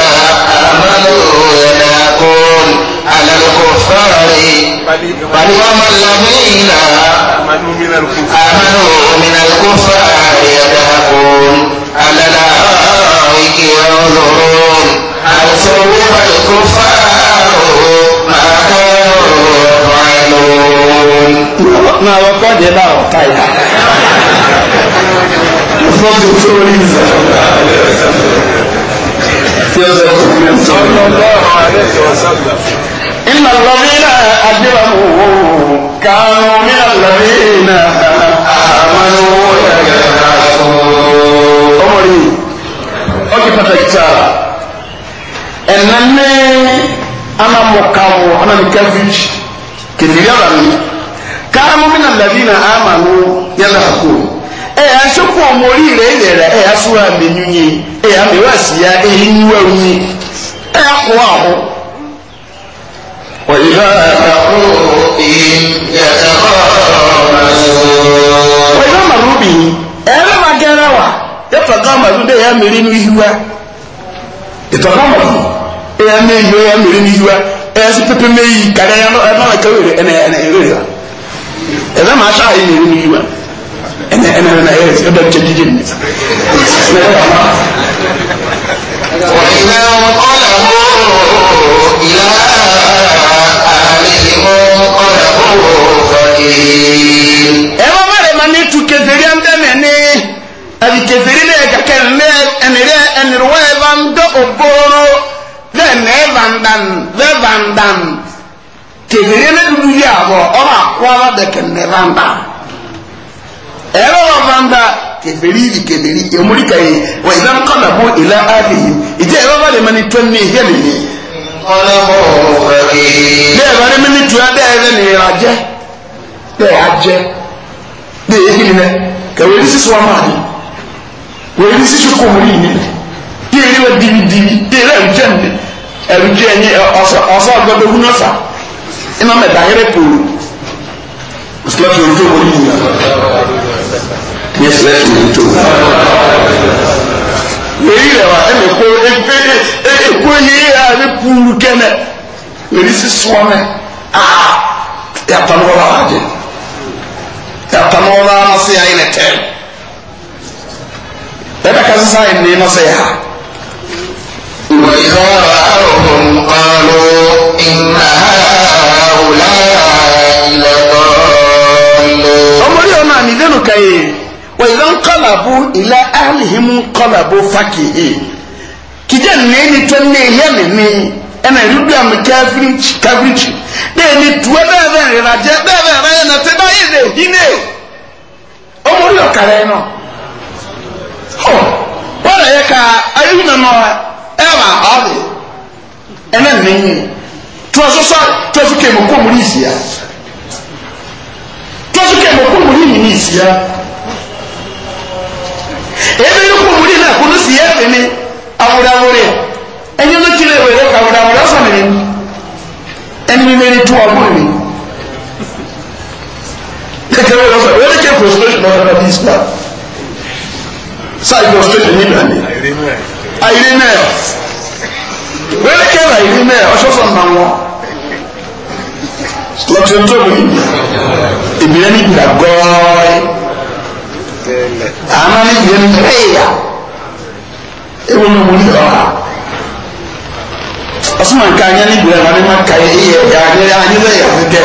آمنوا يناقون الكفار بل هم الذين آمنوا من الكفار يضحكون على الأرائك ينظرون هل ثوب الكفار ما كانوا يفعلون ما وقد لا وقايا فضل توريزا صلى الله عليه وسلم إن الذين أجرموا كانوا من الذين آمنوا يجحدون أمري أوكي فتاكتا أنني أنا مكاو أنا مكافيش كنيراني كانوا من الذين آمنوا يضحكون ee asokun ọmọ oríire ilẹ̀ rẹ̀ ee asúra mi nyunyi ee àmì ya ehi nyuwa nyi ee akọ àhọ. وإذا مروا بهم يتغامزون وإذا مروا بهم أنا ما جروا يتغامزون ده يا مرين ويهوا يتغامزون يا مرين يا مرين ويهوا يا سبب مي كذا يا نو أنا كوير أنا أنا كوير إذا ما شاء الله مرين ويهوا أنا أنا أنا إيه يبدأ تجدين وإذا انقلبوا إلى أهلهم انقلبوا فكهين ẹwọ mẹrẹ ma ní tu kẹfẹrí ẹndẹ mẹni àbí kẹfẹrí lẹ kẹkẹ ńlẹ ẹnìrẹ ẹnìrẹwọ ẹ bá ń dọ ògbóró lẹ nẹ vandan lẹ vandan kẹfẹrí ẹnẹ dúdú yìí àbọ ọba kọ́ ọ bá dẹkẹ nẹ vandan ẹrọ vandan kebiri ili kebiri emuli kaye wa idan kọla bo ila alihi ìjẹ́ ìwọ́n bá lè mọ ní tó ní ìjẹ́ nìyí. bẹ́ẹ̀ bá ní mímí tuya bẹ́ẹ̀ bẹ́ẹ̀ ní ìlà jẹ́ bẹ́ẹ̀ á jẹ́ bẹ́ẹ̀ yé kiri nẹ́ kẹwé ní sísun wa máa ní wèé ní sísun kò wúri yìí ní yé ní wa dibi dibi yé ní ẹ̀rù jẹ́ ní ẹ̀rù jẹ́ ní ọ̀sọ̀ ọ̀sọ̀ ọ̀gbọ́dọ̀ wúni ọ̀sà iná mẹ́ta ayẹ́rẹ́ pòlù ní sẹ́tìmẹ̀ tó. Èyí rẹ̀ wá ẹ̀mí kó èkó yìí yà ní kúrú gẹ́nẹ̀ èyí sì sọ́ mẹ́ aa yàtọ̀ ní wọ́n wá jẹ yàtọ̀ ní wọ́n wá ma ṣe ayé nẹ̀ tẹ́ ẹ̀dá kan sísan yìí ní ma ṣe yà. Wàyí ọ̀rọ̀ àrùn ọ̀rọ̀ ìnà àwùlá ìlẹ̀ ọ̀rọ̀. Ọmọdé ọ̀nà ànídẹ́nu kẹ́yìn. وإذا انقلبوا إلى أهلهم انقلبوا فكهين bụ ne ni to ne ya mi ni ena rudu am kafirich kafirich de ni tuwa da da ni raje da da na te da ide hine o mo yo kare no ho ya ka ayu na no e sia sia ebe yi ko wuli na kunu si yɛ fini awurawuri ɛnyɛ no kiri ewere ka awurawuri ɔsɔ mi ɛnimi meri tu ɔbu mi kékeré yɛ sɔ wɛrɛ kɛ prostration ɔsɔ na bi islam saa prostration ni na ni ayiri nɛ wɛrɛ kɛ na ayiri nɛ ɔsɔ sɔ na wɔ lɔtɔntɔ mi ìbílẹ̀ ní ìgbà gɔɔyì amane yɛn peya ewu no mu ni ɔha ɔsoma nka anya ne bura ma ne ka yɛ yɛ yɛ anya yɛ anya yɛ yɛ dɛ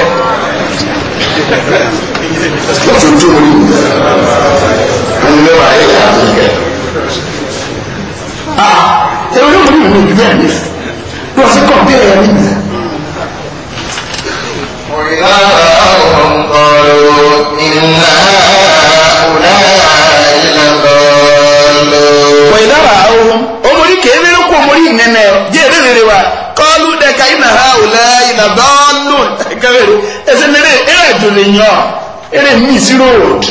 ɔtuntum mu ni mu ɔmo bɛ wa yɛ yɛ anya yɛ aa ewu no mu ni mu ni bɛn ni wɔsi kɔmpiɛ yɛ ni mu. وإذا رأوهم قالوا إنا wẹ̀dára ahóhó omori kèéméré kú omori nẹnẹ jẹ́ èrèrèrè wa kọ́lù dẹ́ka iná ha òlẹ́ iná bọ́ọ̀lù kẹwẹ́rẹ́ ẹsẹ̀ mẹ́rẹ́ ẹ̀rẹ́ ìdòlè yàn ẹ̀rẹ́ mísí road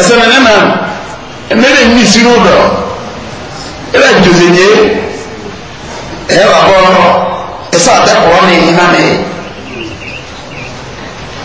ẹsẹ̀ mẹ́rẹ́ náà ẹ̀rẹ́ mísí road ọ̀ ẹ̀rẹ́ ìdòlè yẹ ẹ̀ wà bọ́ ẹ̀sẹ̀ àtẹ̀kọ́ ní iná mẹ́rẹ́.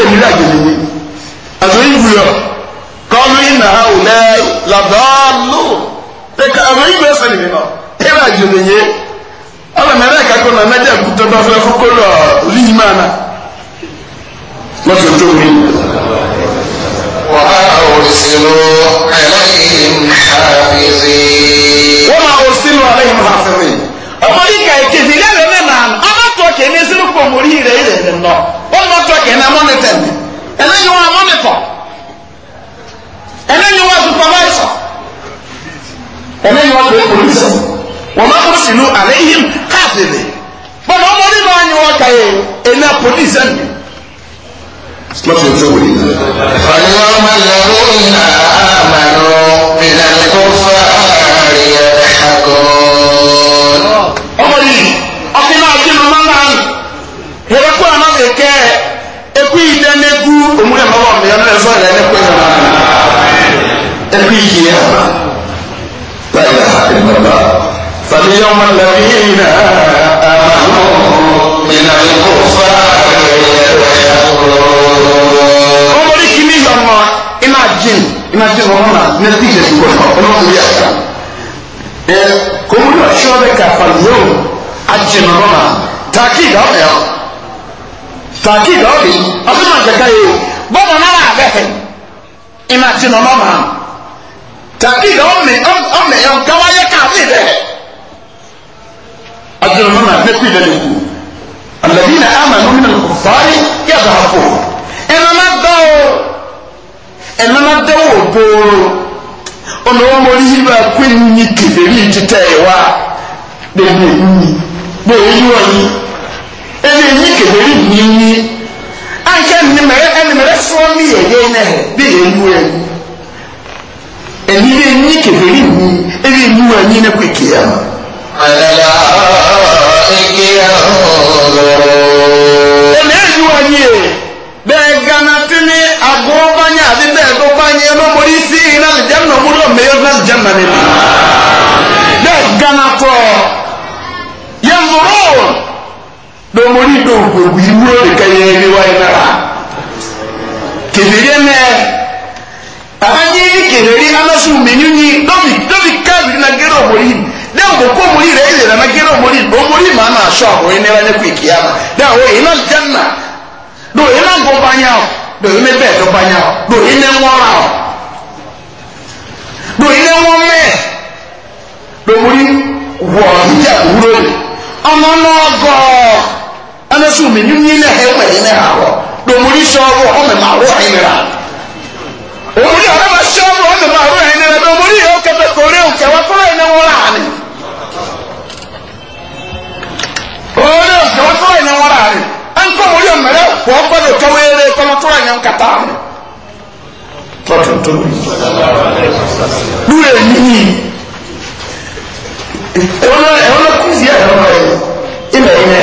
èmi rà gèlè ni àti ìwúyọ kọlu iná òlẹ làbáàlù ẹka àwọn ìwé ẹsẹ nìyẹn náà ẹrà gèlè yẹ ọlọmọdé kakọ náà nàjà kútọ bá fẹ fọkọ lọ ríyìn máa na lọsọ tó wí. wàá òsìlú àlẹ́yìn hàbìrì. wọ́n máa òsìlú àlẹ́yìn hàbìrì. ọmọ yìí kà èké ìdílé rẹ̀ náà ọmọ tó kèmí sínú kòmòrí rẹ̀ rẹ̀ nọ tọ́kì ẹ̀nà mọ́nítẹ̀ ni ẹ̀nà yìí wọ́n mọ́nítọ̀ ẹ̀nà yìí wọ́n supavaisa ẹ̀nà yìí wọ́n lè polisa wọ́n má kó sínú àlẹ́ yìí káàkiri bọ́n ọmọ ní bá yín wọ́n kàyé ẹ̀nà polisa ni. Lọ́sọ̀ ìfẹ́ wò ni. Fàlẹ́ ọmọ lọ́rọ́ ìlà àmàlọ́ ìlànà kó fà á rí ẹ̀ṣàkọ́. ọmọ yìí ọkùnrin àti màmá náà yẹ kó àná kẹkẹ ekwi idanegu omuli amabɔ mi ɔno ɛfɔ yɛ ne kɔɛ ma ekwi yie ama bala ɛmɛba fali yɛ ɔmo lɛbi na amanu mina ko fa ɔmɔli kini yɔmɔ ina jin ina jin ɔmɔ na ne ti jɛ sukɔ ɔmɔ ɔmɔ mi yɛ ta ɛ komuni wa sɔ bɛ ka fali yɛ a jin ɔmɔ na taaki da ɔmɔ yɛ fàákì lọ́ọ̀dì ọ̀sùnmọ̀ kẹ̀kẹ́ yìí bọ́ọ̀mù náírà abẹ́fẹ́ ìmọ̀ àti nọ̀nọ́ mọ̀ án ọ lọ́ọ̀mì ọ ọ̀gáwá yẹ káàdì rẹ̀ ọ̀dùnmọ̀ náà fẹ́ kú ìdẹ́lẹ̀ kú àlẹ́bí náà àmà na-ama na fàáyé na bá a kú ẹ̀nàmá dáwò ẹ̀nàmá dáwò bòòrò ọ̀nà wọn mọ̀ yí bá kú ẹ̀yìn ní kẹfẹ́ yìí ịwa wá bẹ́ẹ̀ ni ɛna enyi kebere nyinyi ahyɛ nnimɛrɛ ɛnimɛrɛ soɔ bi yɛ yɛn nɛ hɛ bi yɛ ndu yɛ ɛni enyi kebere nyi ɛni enyi wɔ anyi ne ma. ya ɔrɔ. ɛna enyi wɔ yɛ bɛɛ gana tini agbo banya adi bɛɛ ɛna si na na na na bi bɛɛ gana tɔ domori do gbogbo iwuro de ka yɛ ɛni wa yina la kebere mɛ abanyi kebere anasu menyunyi dobi dobi kaabiri na gero omori de o ko omori rɛ ele na gero omori omori ma na aso abo yi ne la ne ko ikiya ma de awo ina janna do ina ngo banya o do ina bɛɛ do banya o do ina ŋɔra o do ina ŋɔmɛ domori wɔ hijab wuro ɔmɔ n'ɔgɔɔ ana so me nyum nyina he ma nyina ha wo do muri sho wo o me ma ro he mira o muri ara ma sho wo o me ma ro he mira do muri o ka ta ko re o ka wa ko ina wo la ani o re o ka wa ko ina wo la ani an ko muri o mere ko ko do ka we re ko ma to ina nkata ani to to to dure ni ona ona kuzi ya ona ina ina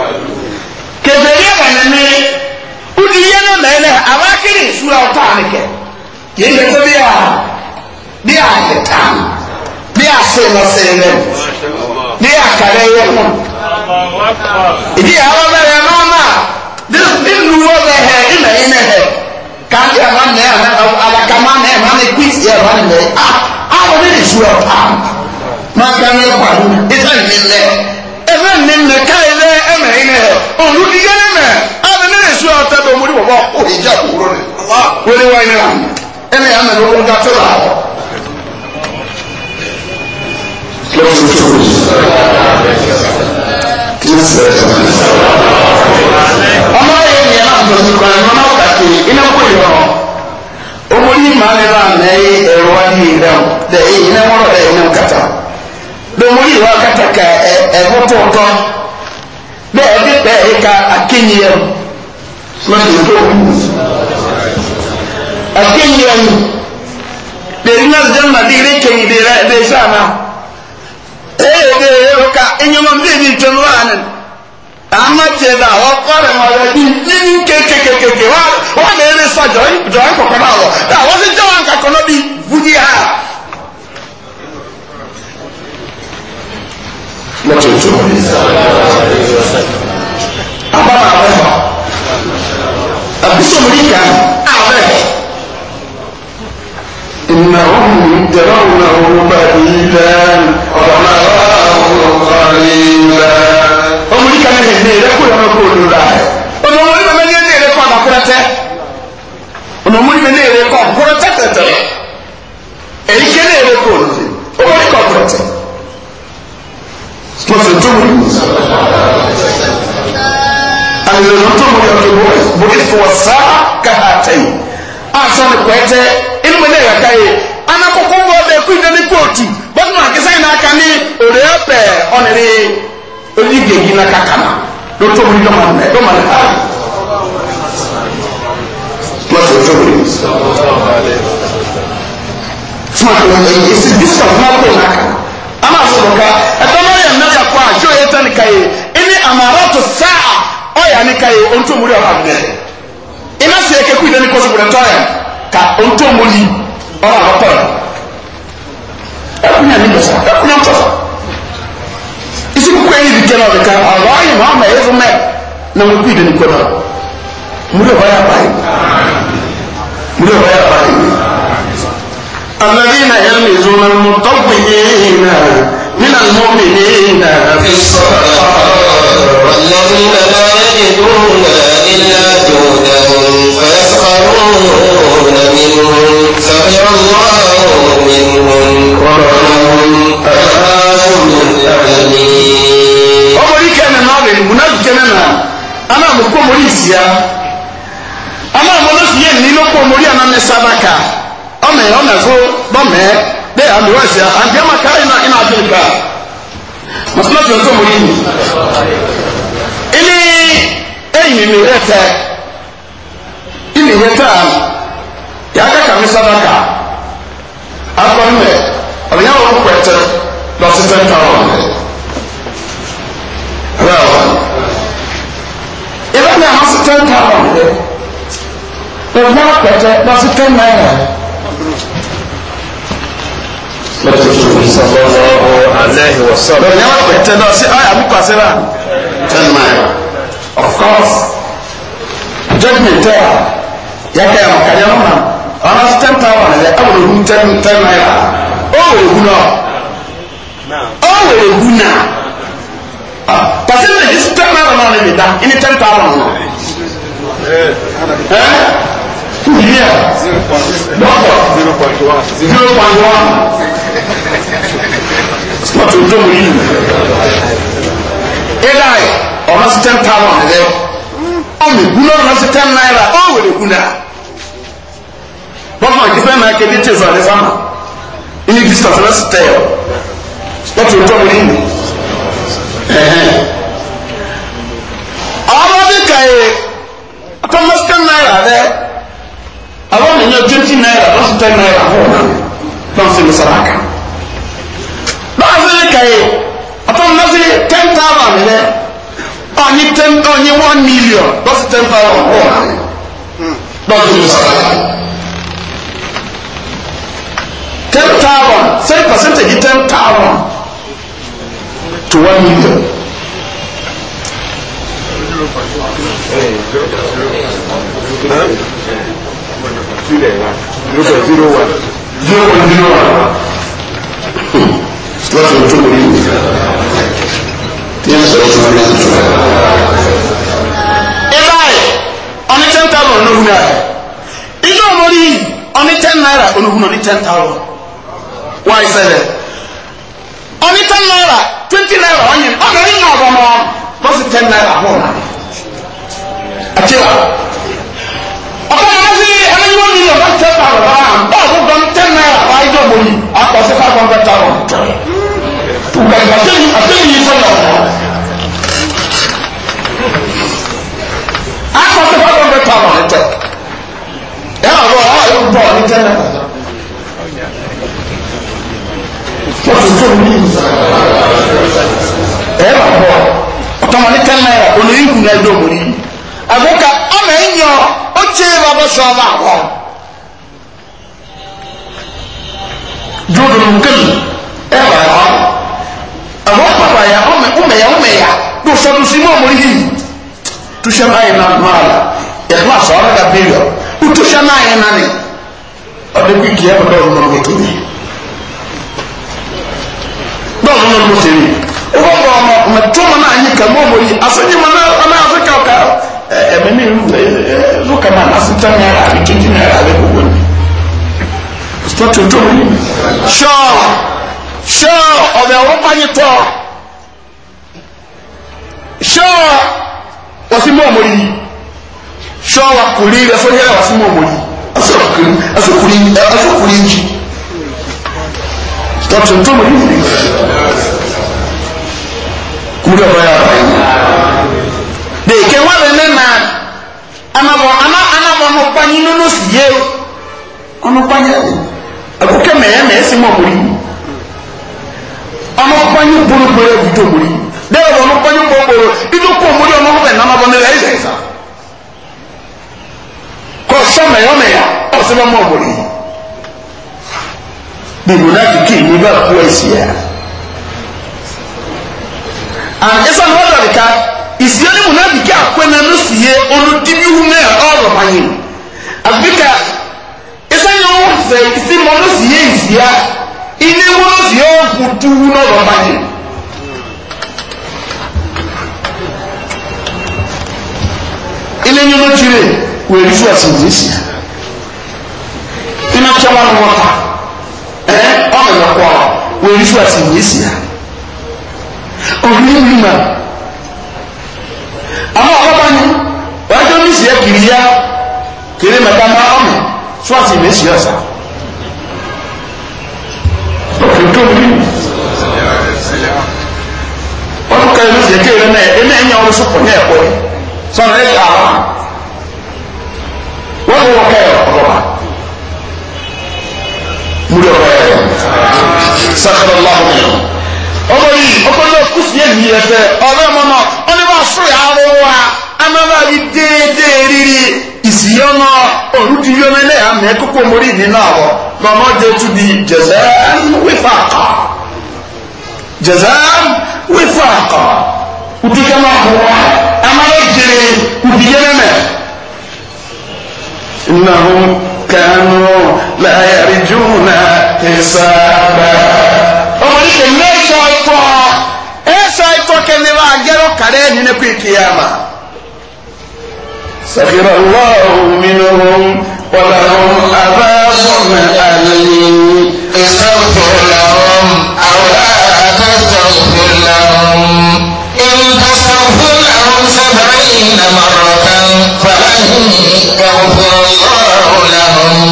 ìṣúra ọ̀tá mi kẹ̀ kì í ṣe bí a bí a yẹ tán bí a ṣe lọ sí ẹ lẹ́nu bí a kàlẹ́ yẹ mọ́. ìdí àwọn bẹ̀rẹ̀ máa ma nínú wọn bẹ hẹ ilẹ̀ yín hẹ káńtì àwọn nẹ alakama nẹ máa ní kí ìyá wa nẹ a àwọn ní ìṣúra ọ̀tá máa kàn ní pàdé ìtàn ní lẹ ẹ̀fẹ̀ ní káyìí lẹ ẹ̀mẹ̀ yín hẹ òun ló ti yẹ ẹ̀mẹ̀ esu ata do mu ni bɔbɔ o hijab wuro ni wele wa ni ram ɛna yà mɛ lóko nga tó la wɔ. lọ́sọ̀ tó o ti sẹ̀ ọmọ yẹ ni ẹ̀ náà tó ti kọ́ni ọmọ náà iná kó yẹ ọ ọmọ yìí máa ní ra nà ẹ ẹ̀rọ ayé rẹ̀ o dẹ̀ ẹ̀ iná mọ́rọ̀ dẹ̀ iná kàtà lọ́mọ yìí wà kàtà ká ẹ̀ ẹ̀ mọ́tò ọ̀tọ̀ bẹ́ẹ̀ ẹ̀ bí bẹ́ẹ̀ ẹ̀ ká akéyìí ẹ̀ o mẹsàn-án tó kú akéyìí ẹni lèyìn náà jẹ́nà bí ilé kẹyìn bí rẹ bí sá náà ee bí ẹ̀rọ ká ẹ̀yẹ́mọ̀ bí ebi tó lọ́wọ́ àná àmà tiẹ̀ dà wọ́n kọ́ rẹ̀ mọ̀ rẹ̀ bí ní kékékékéké wọ́n lè rẹ̀ sọ jọ̀ọ́ ìkọ̀kọ̀ náà lọ dà wọ́n sì jẹ́ wọn kakọ̀ náà bí wúni ha. lọ́tọ̀ ìtumọ̀ ní abisomrika abẹ ìnáwó jẹrọrùn àwọn ọba ìlẹ ọba ọba ìlẹ. ọmọdéka ní ẹ̀yìn ní ẹ̀rẹ́kọ̀ yọ̀ọ́ kó ló ra ẹ̀. ọ̀nà ọmọdé bàbá ní ẹ̀rẹ́ kọ́ ọ̀nà kúrẹ́tẹ́. ọ̀nà ọmọdé ní ẹ̀rẹ́ kọ́ kúrẹ́tẹ́ tẹ̀tẹ̀. èyí ké ní ẹ̀rẹ́ kọ́ ọ̀nà ọmọdé kọ́ kúrẹ́tẹ́. mo sì tún mú. ìrìnà tó mú yọ kí bóyí fún ọ̀sá káha tẹ̀yìn àṣà ni pẹ́ẹ́tẹ́ inú mi lè rà káyé anakoko bọ̀ ọ̀dẹ kú ìdẹ́ ní kóòtù bọ́tún àkísẹ́ yìí n'aka ní òrè ọ̀pẹ̀ ọ̀nìrì onígbègbè náà kàkànà ló tó mú yọ màmẹ́ ha. tó fún ɔyɛ ne ka yi ontomori ɔba mi dɛ ina se yɛ keku idani kɔsu kura tɔyɛ ka ontomori ɔba ba kɔyɛ ɛkunya ni mɛsa ɛkunya ntɔsa isi kuku eyi di kɛnɛ ɔbɛka ɔba ayi mu ama ɛyɛ fo mɛ na mo ku idani kɔda muri ɔba yɛ aba yi muri ɔba yɛ aba yi alladina yalmizuna almutawwi'ina من المؤمنين بالصدقات والذين لا يجدون إلا جهدهم فيسخرون منهم سخر الله منهم ولهم عذاب أليم أمريكا كان نابل منجمنا أنا مكو مريسيا أنا مريسيا نينو كو مريا أنا مسابقة أمي أمي فو بمي de ya mi wasi an jama ka ina ina jin ka masala to to muri ini eyi mi mi hete ini hete am ya ka ka mi sadaka akọ mbẹ ọbẹ yà wọn pẹtẹ lọ sí ten thousand well ìbá mi àwọn sí ten thousand ọbẹ yà wọn pẹtẹ lọ sí ten naira ten mile of course judgment ẹ̀ yàtọ̀ ẹ̀ mọ̀ká yẹn lọ́nà ọ̀nà ten thousand ẹ̀ ẹ̀ wọ́n ogun ten ten naira ó wọ̀ ogun náà ó wọ̀ ogun náà pàṣẹ lè yí ten naira náà lè mi ẹni ten thousand náà. Here, zero point one. Zero point one sport ojú mu yìí eli ọ̀nà sí ten thousand ẹ̀dẹ́ ọ̀nà ìgbúná ọ̀nà sí ten naira ọ̀wẹ̀lẹ̀ ìgbúná wọ́n mọ̀ ìdífẹ́ náà kéde tí èso àdé fáma ìní distance náà sì tẹ̀ ọ́ sport ojú mu yìí ọ̀nà kàyé ọ̀nà sí ten naira ẹ̀dẹ́ àwọn ènìyàn twenty naira ọ̀nà sí ten naira ọ̀nà tɔnsi musaraka baasi kaye ɔtɔn nasi ten thousand yɛ ɔnyi ah, ten ɔnyi one million dɔsi ten thousand ɔwɔ dɔsi musaraka ten thousand seven percentage ten thousand to one million. Zero point zero one. Hmm. yóò wọ ní wa lọ́sọ̀ tó wọlé yìí tí yẹn sọ̀rọ̀ tó wọlé yìí tó wọlé. ibaayi ọ̀ni ten thousand ọ̀nà òhun náà ijó ọmọdé yìí ọ̀ni ten naira ọ̀nà òhun ọ̀ni ten thousand wáyé sẹ́lẹ̀ ọ̀ni ten naira twenty naira ọ̀nyìn ọ̀nà yìí yàn ọ̀bọ̀n mọ́ lọ́sọ̀ ten naira ọ̀hún náà àti wa ọ̀kọ́ yẹn á sí ẹni wọ́n mi lọ ten thousand ọ̀hún náà mo yi akɔsi five hundred thousand tɔn tukayi asɛyi asɛyi yi sɔnyɔ wɔn akɔsi five hundred thousand tɛ ɛn a lɔ a yɛ bɔ ɔni tɛ nɛ fɔsi tó mi yi ɛn a bɔ ɔtɔmɔni tɛ nɛ yɛ olu yi kun na yi do mo yi àbúkà ɔmɛ ń yọ ó bá wọ. jodo no nkeli ɛba ɛhɔ ɛhɔ papa ya ɔmɛ ɔmɛ ya ɔmɛ ya do sɛ do si mu ɔmɔ yi tu sɛ n'ayɛ na mu ala yɛtuma sɔrɔ ka biri ɔ utu sɛ n'ayɛ na ni ɔdi bi kiyɛ bɛ dɔw nɔnɔ bɔtɔ mi dɔw nɔnɔ bɔtɔ mi ɔmɔ bɔ ɔmɔ mɛ tó mɔ n'anyi ka mu ɔmɔ yi aso nyi mɔ n'ana aso ka ka ɛmɛ mi lu ɛ ɛ lu kama na aso tɛ nyɛ a bi tuntun nyɛ a bi gbogbo ni sọ́tún tó mi sọ sọ ọ̀bẹ ọ̀wọ́ pàyẹ tọ̀ sọ wọ́sí mọ́ ọmọ yìí sọ wa kò rí rẹ fún yẹlẹ wọ́sí mọ́ ọmọ yìí asọkùnrin asọkùnrin jì sọ́tún tó mi kúrẹ́ ọ̀rọ̀ yà báyìí dèké wọ́n lè nẹ́nà anamọ̀ anamọ̀ ọ̀nà ọ̀pá nínú sì yé ọ̀nà ọ̀pá nínú akokɛ mɛyɛ mɛyɛ si mu ɔmori ɔno kpanyi boroboro ebi do omori dɛɛ bɛ ɔno kpanyi boroboro ido kɔ omori ɔno bɛ nam abɔ ne la ɛyɛ ɛyɛ kɔ sɔ mɛyɛ mɛyɛ ɔsɛ bɛ mu ɔmori bibu na kiki ni bɛ kó esia and ɛsɛ ɔno ɔdɔ nika esia ne mu na kiki akɔ na no sie ɔno di bi hu na ɔrɔ banyin abika sɛ simɔ no si yɛ nsia inewu no si yɛ ɔkutu n'ɔlɔ bagi. ilé nyɛ n'otire wòye fi ɛsɛnzi si ina kyɛ wani wɔta ɛɛ ɔmɛ n'ɔkɔ wòye fi ɛsɛnzi si ɔhuri wuli ma ama ɔlɔba ni wàá jẹ oníṣìí ɛkìrìyà kiri mẹta ma ɔmɛ swati ne siyasa òfin tó bí wọn kọ ẹni tiẹ kéèrè náà ẹni ẹnyà wọn sọpọ ní ẹkọ yìí sọnà ẹyẹ àwọn wọn kọ wọkẹ ọlọpàá múlẹ ọkọ ẹ sàkàtà ọlọpàá mi ọmọ yìí ọkọ yóò kú sí èyí ẹsẹ ọlọmọ náà ọlọmọ asọyà arọ wa amábàbí déédéé rírì ìsìyọ́nà olùdíyọ́mẹ́lẹ́ àmì ẹ̀kọ́kọ́ mórí nínú àwọ̀ lọ́mọ jẹ́ túbi jẹ̀zẹ́ wífàkà jẹ̀zẹ́ wífàkà udíyọ́mẹ́ àwọ̀ amáyéjèrè udíyọ́mẹ́. إنهم كانوا لا يرجون حسابا. ọmọ yìí kò ní ẹ̀ṣọ́ ikọ̀ ẹ̀ṣọ́ ikọ̀ kẹ́ni wá gẹ́rọ̀ kàrẹ́ ẹ̀yìn ní kò ìkìyàmà. سخر الله منهم ولهم عذاب أليم استغفر لهم أو لا تستغفر لهم إن تستغفر لهم سبعين مرة فلن يغفر الله لهم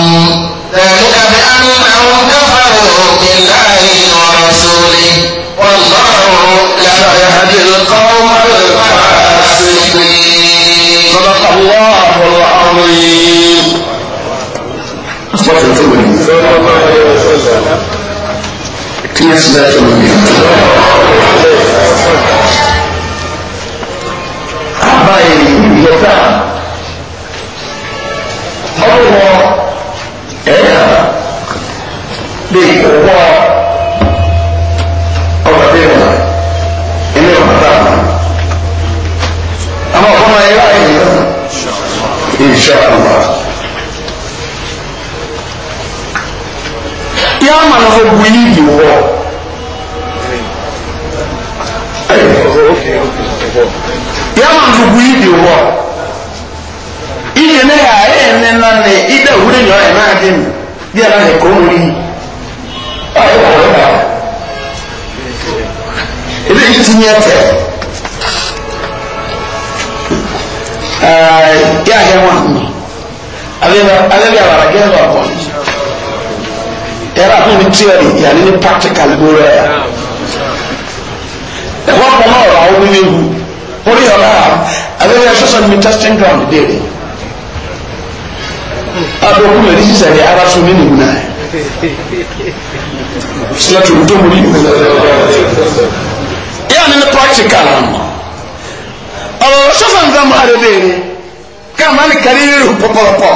yani ni practical gbóra ẹ̀ ẹ̀kọ́ ọ̀pọ̀ náà ọ̀rọ̀ àwọn onílé wu orí ọ̀rọ̀ à abẹ́rẹ́ ẹ̀ṣọ́sọ́ mi testing ground déèrè adókùn lè dísí sẹ̀dẹ̀ ara sùn nínú ìwúna ẹ̀ sílẹ̀tù tó mú rí yàní ni practical ọ̀rọ̀ ẹ̀ṣọ́sọ́ nǹkan máa rẹ̀ déèrè káàmá ni kàrí rírì pọ̀pọ̀lọpọ̀.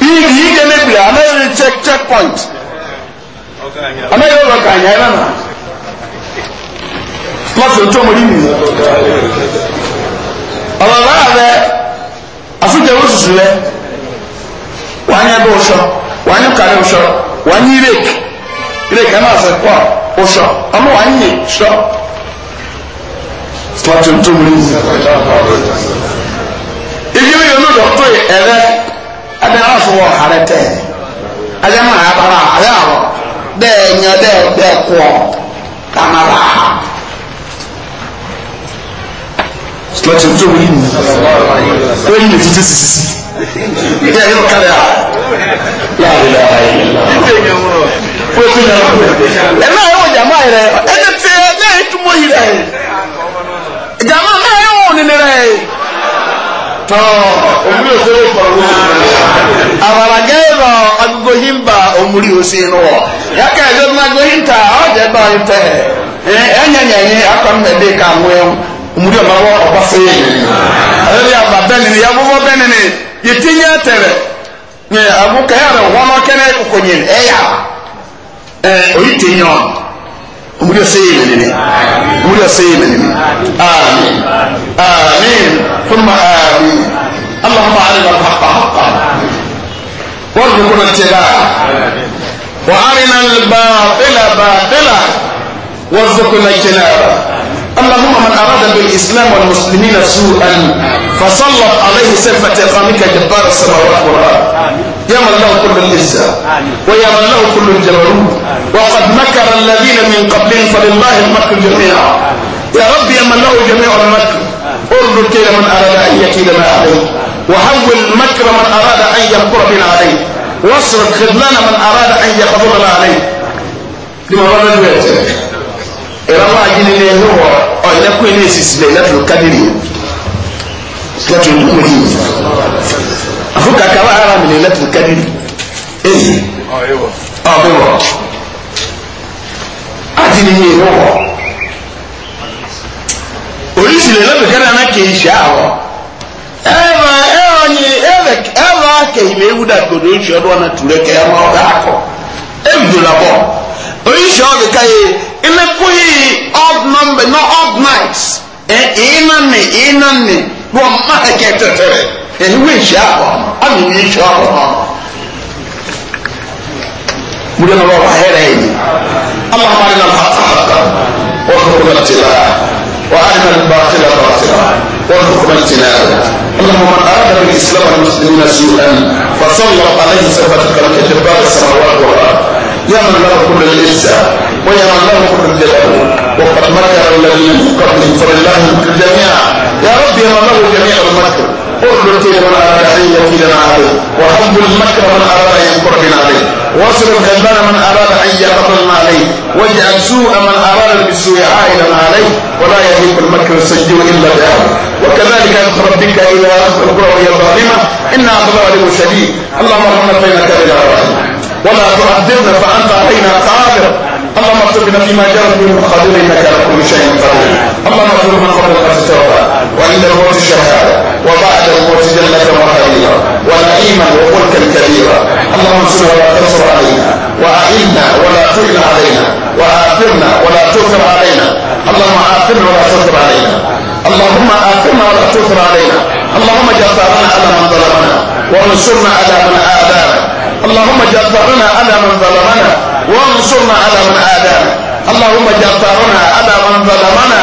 iyi kene bia anaghị check check point anaghị ụlọ ka anya ebe na lọsọ ntụ omori nyi ọlọlọ abẹ asọjọ ewu susu lẹ wanyẹ bẹ ọsọ wanyẹ kari ọsọ wanyẹ irek irek ẹ náà sẹ kọ ọsọ ọmọ wanyẹ sọ lọsọ ntụ omori nyi ìdílé yẹn ló dọ̀ tó ẹ̀rẹ́ ɛdɛ ɔsɔ wɔ hare tɛ ɛdɛ mo ha bara ɛdɛ awɔ dɛ nyɛ dɛ dɛ kɔ kama ba ha. lọ́tí tó wọ́n yìí wọ́n yìí títí sísísí ìdí ẹ̀yọ́ kálẹ̀ à láàrin ààyè wọ́n fi yàrá wọ́n ẹ̀ náà yóò jàmá rẹ̀ ẹni tí ẹ náà túmọ̀ yìí rẹ̀ jàmá náà yóò nínú rẹ̀ tọ́ òun yóò tó yóò pọ̀ wọ́n. abaragairo agugohimba omuli osinwo yakejo nagohinta ojedoite e, enyenyenye akommede kamwe omuli omabo obafeyeni ayoya babenini yabubo benini yetinye tere e, agukayare wonokene kukonyen eya e, oyitinye ono omuli oseyemenene omuli oseyemenene amin amin ثم آمين اللهم علم الحق حقا وارزقنا اتباعه وارنا الباطل باطلا وارزقنا اجتنابه اللهم من اراد بالاسلام والمسلمين سوءا فسلط عليه سيف انتقامك جبار السماوات والارض يا من له كل العزه ويا من له كل الجبروت وقد مكر الذين من قبلهم فلله المكر جميعا يا رب يا من له جميع المكر ارد كيد من اراد ان يكيد ما عليه وهول مكر من أراد أن يمكر بنا عليه واصرف خذلان من أراد أن يقبضنا عليه لما رأى الوقت إلى الله جل هو أو يكون نسيس ليلة القدر ليلة المهم أفوك كما أرى من ليلة القدر إيه أيوه أيوه أجل هو oríṣiríṣi lọ́dún kẹ́lá náà kì í ṣe ɛva ɛwɔnyi ɛvɛ ebe kɛyìmɛ ewu dà kodo oṣù ɔdún wọn aturɛ kɛ ɛmɔ akọ akɔ ebidola bɔ oṣù ɔdún káyé ilẹkùnyì odd number no odd night ɛ ìnani ìnani wọn má ìwé وارنا الباطل باطلا وارزقنا اجتنابه إنه من اراد بالاسلام والمسلمين سوءا فصلى عليه سبب الخلق جبار السماوات والارض يا من له كل العزه ويا من له كل الجلال وقد مكر الذين من قبلهم فلله المكر جميعا يا رب يا من له جميع المكر اخذ كيد من اراد ان يكيدنا عليه وحب المكر من اراد ان يمكر بنا عليه واصل غضبنا من اراد ان يغضبنا عليه واجعل سوء من اراد بالسوء عائلا عليه ولا يهلك المكر السيء الا باهله وكذلك اخذ ربك إلى اخذ القرى وهي الظالمة ان اخذها عليم شديد اللهم ارحمنا فانك بنا راحم ولا تعذبنا فانت علينا قادر اللهم اكتب لنا فيما جرت من المقادير انك على كل شيء قدير اللهم اغفر من قبل القسوه وعند الموت شهادة وبعد الموت جنة وحريرة ونعيما وملكا كبيرا اللهم انصرنا ولا تنصر علينا وأعنا ولا تعن علينا وآثرنا ولا تؤثر علينا اللهم آثرنا ولا تؤثر علينا اللهم آثرنا ولا تؤثر علينا اللهم جبرنا على من ظلمنا وانصرنا على من آذانا اللهم جبرنا على من ظلمنا وانصرنا على من آذانا اللهم جبارنا على من ظلمنا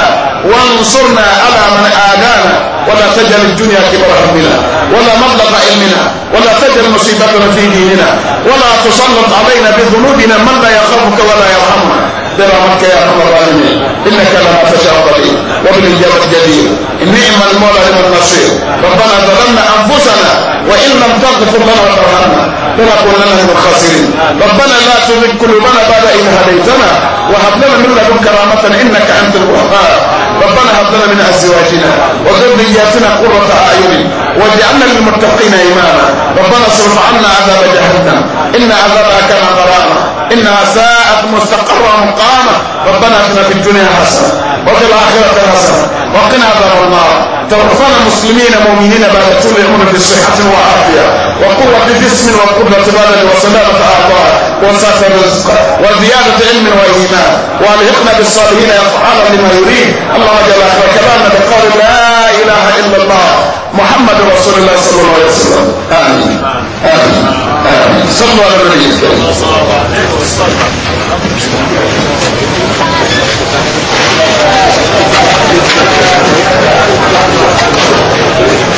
وانصرنا على من آدانا ولا تجعل الدنيا كبر همنا ولا مبلغ علمنا ولا تجعل مصيبتنا في ديننا ولا تسلط علينا بذنوبنا من لا يخافك ولا يرحمنا ترى برحمتك يا ارحم العالمين انك لما تشاء قدير وبالاجابه جدير نعم المولى لما النصير ربنا ظلمنا انفسنا وان لم تغفر لنا وترحمنا لنكونن من الخاسرين ربنا لا تزغ قلوبنا بعد ان هديتنا وهب لنا من لدنك رحمه انك انت الوهاب ربنا هب لنا من ازواجنا وذرياتنا قرة اعين واجعلنا للمتقين اماما ربنا صرف عنا عذاب جهنم ان عذابها كان غراما انها ساءت مستقرا مقاما ربنا اتنا في الدنيا حسنه وفي الاخره حسنه وقنا عذاب النار توفنا مسلمين مؤمنين بعد طول يكون في صحة وعافية وقوة جسم وقدرة بدن وسلامة أعضاء وسعة رزق وزيادة علم وإيمان وألحقنا بالصالحين يفعل لما يريد أخرج كما أن بقول لا إله إلا الله محمد رسول الله صلى الله عليه وسلم آمين آمين آمين صلوا على النبي الكريم Thank you.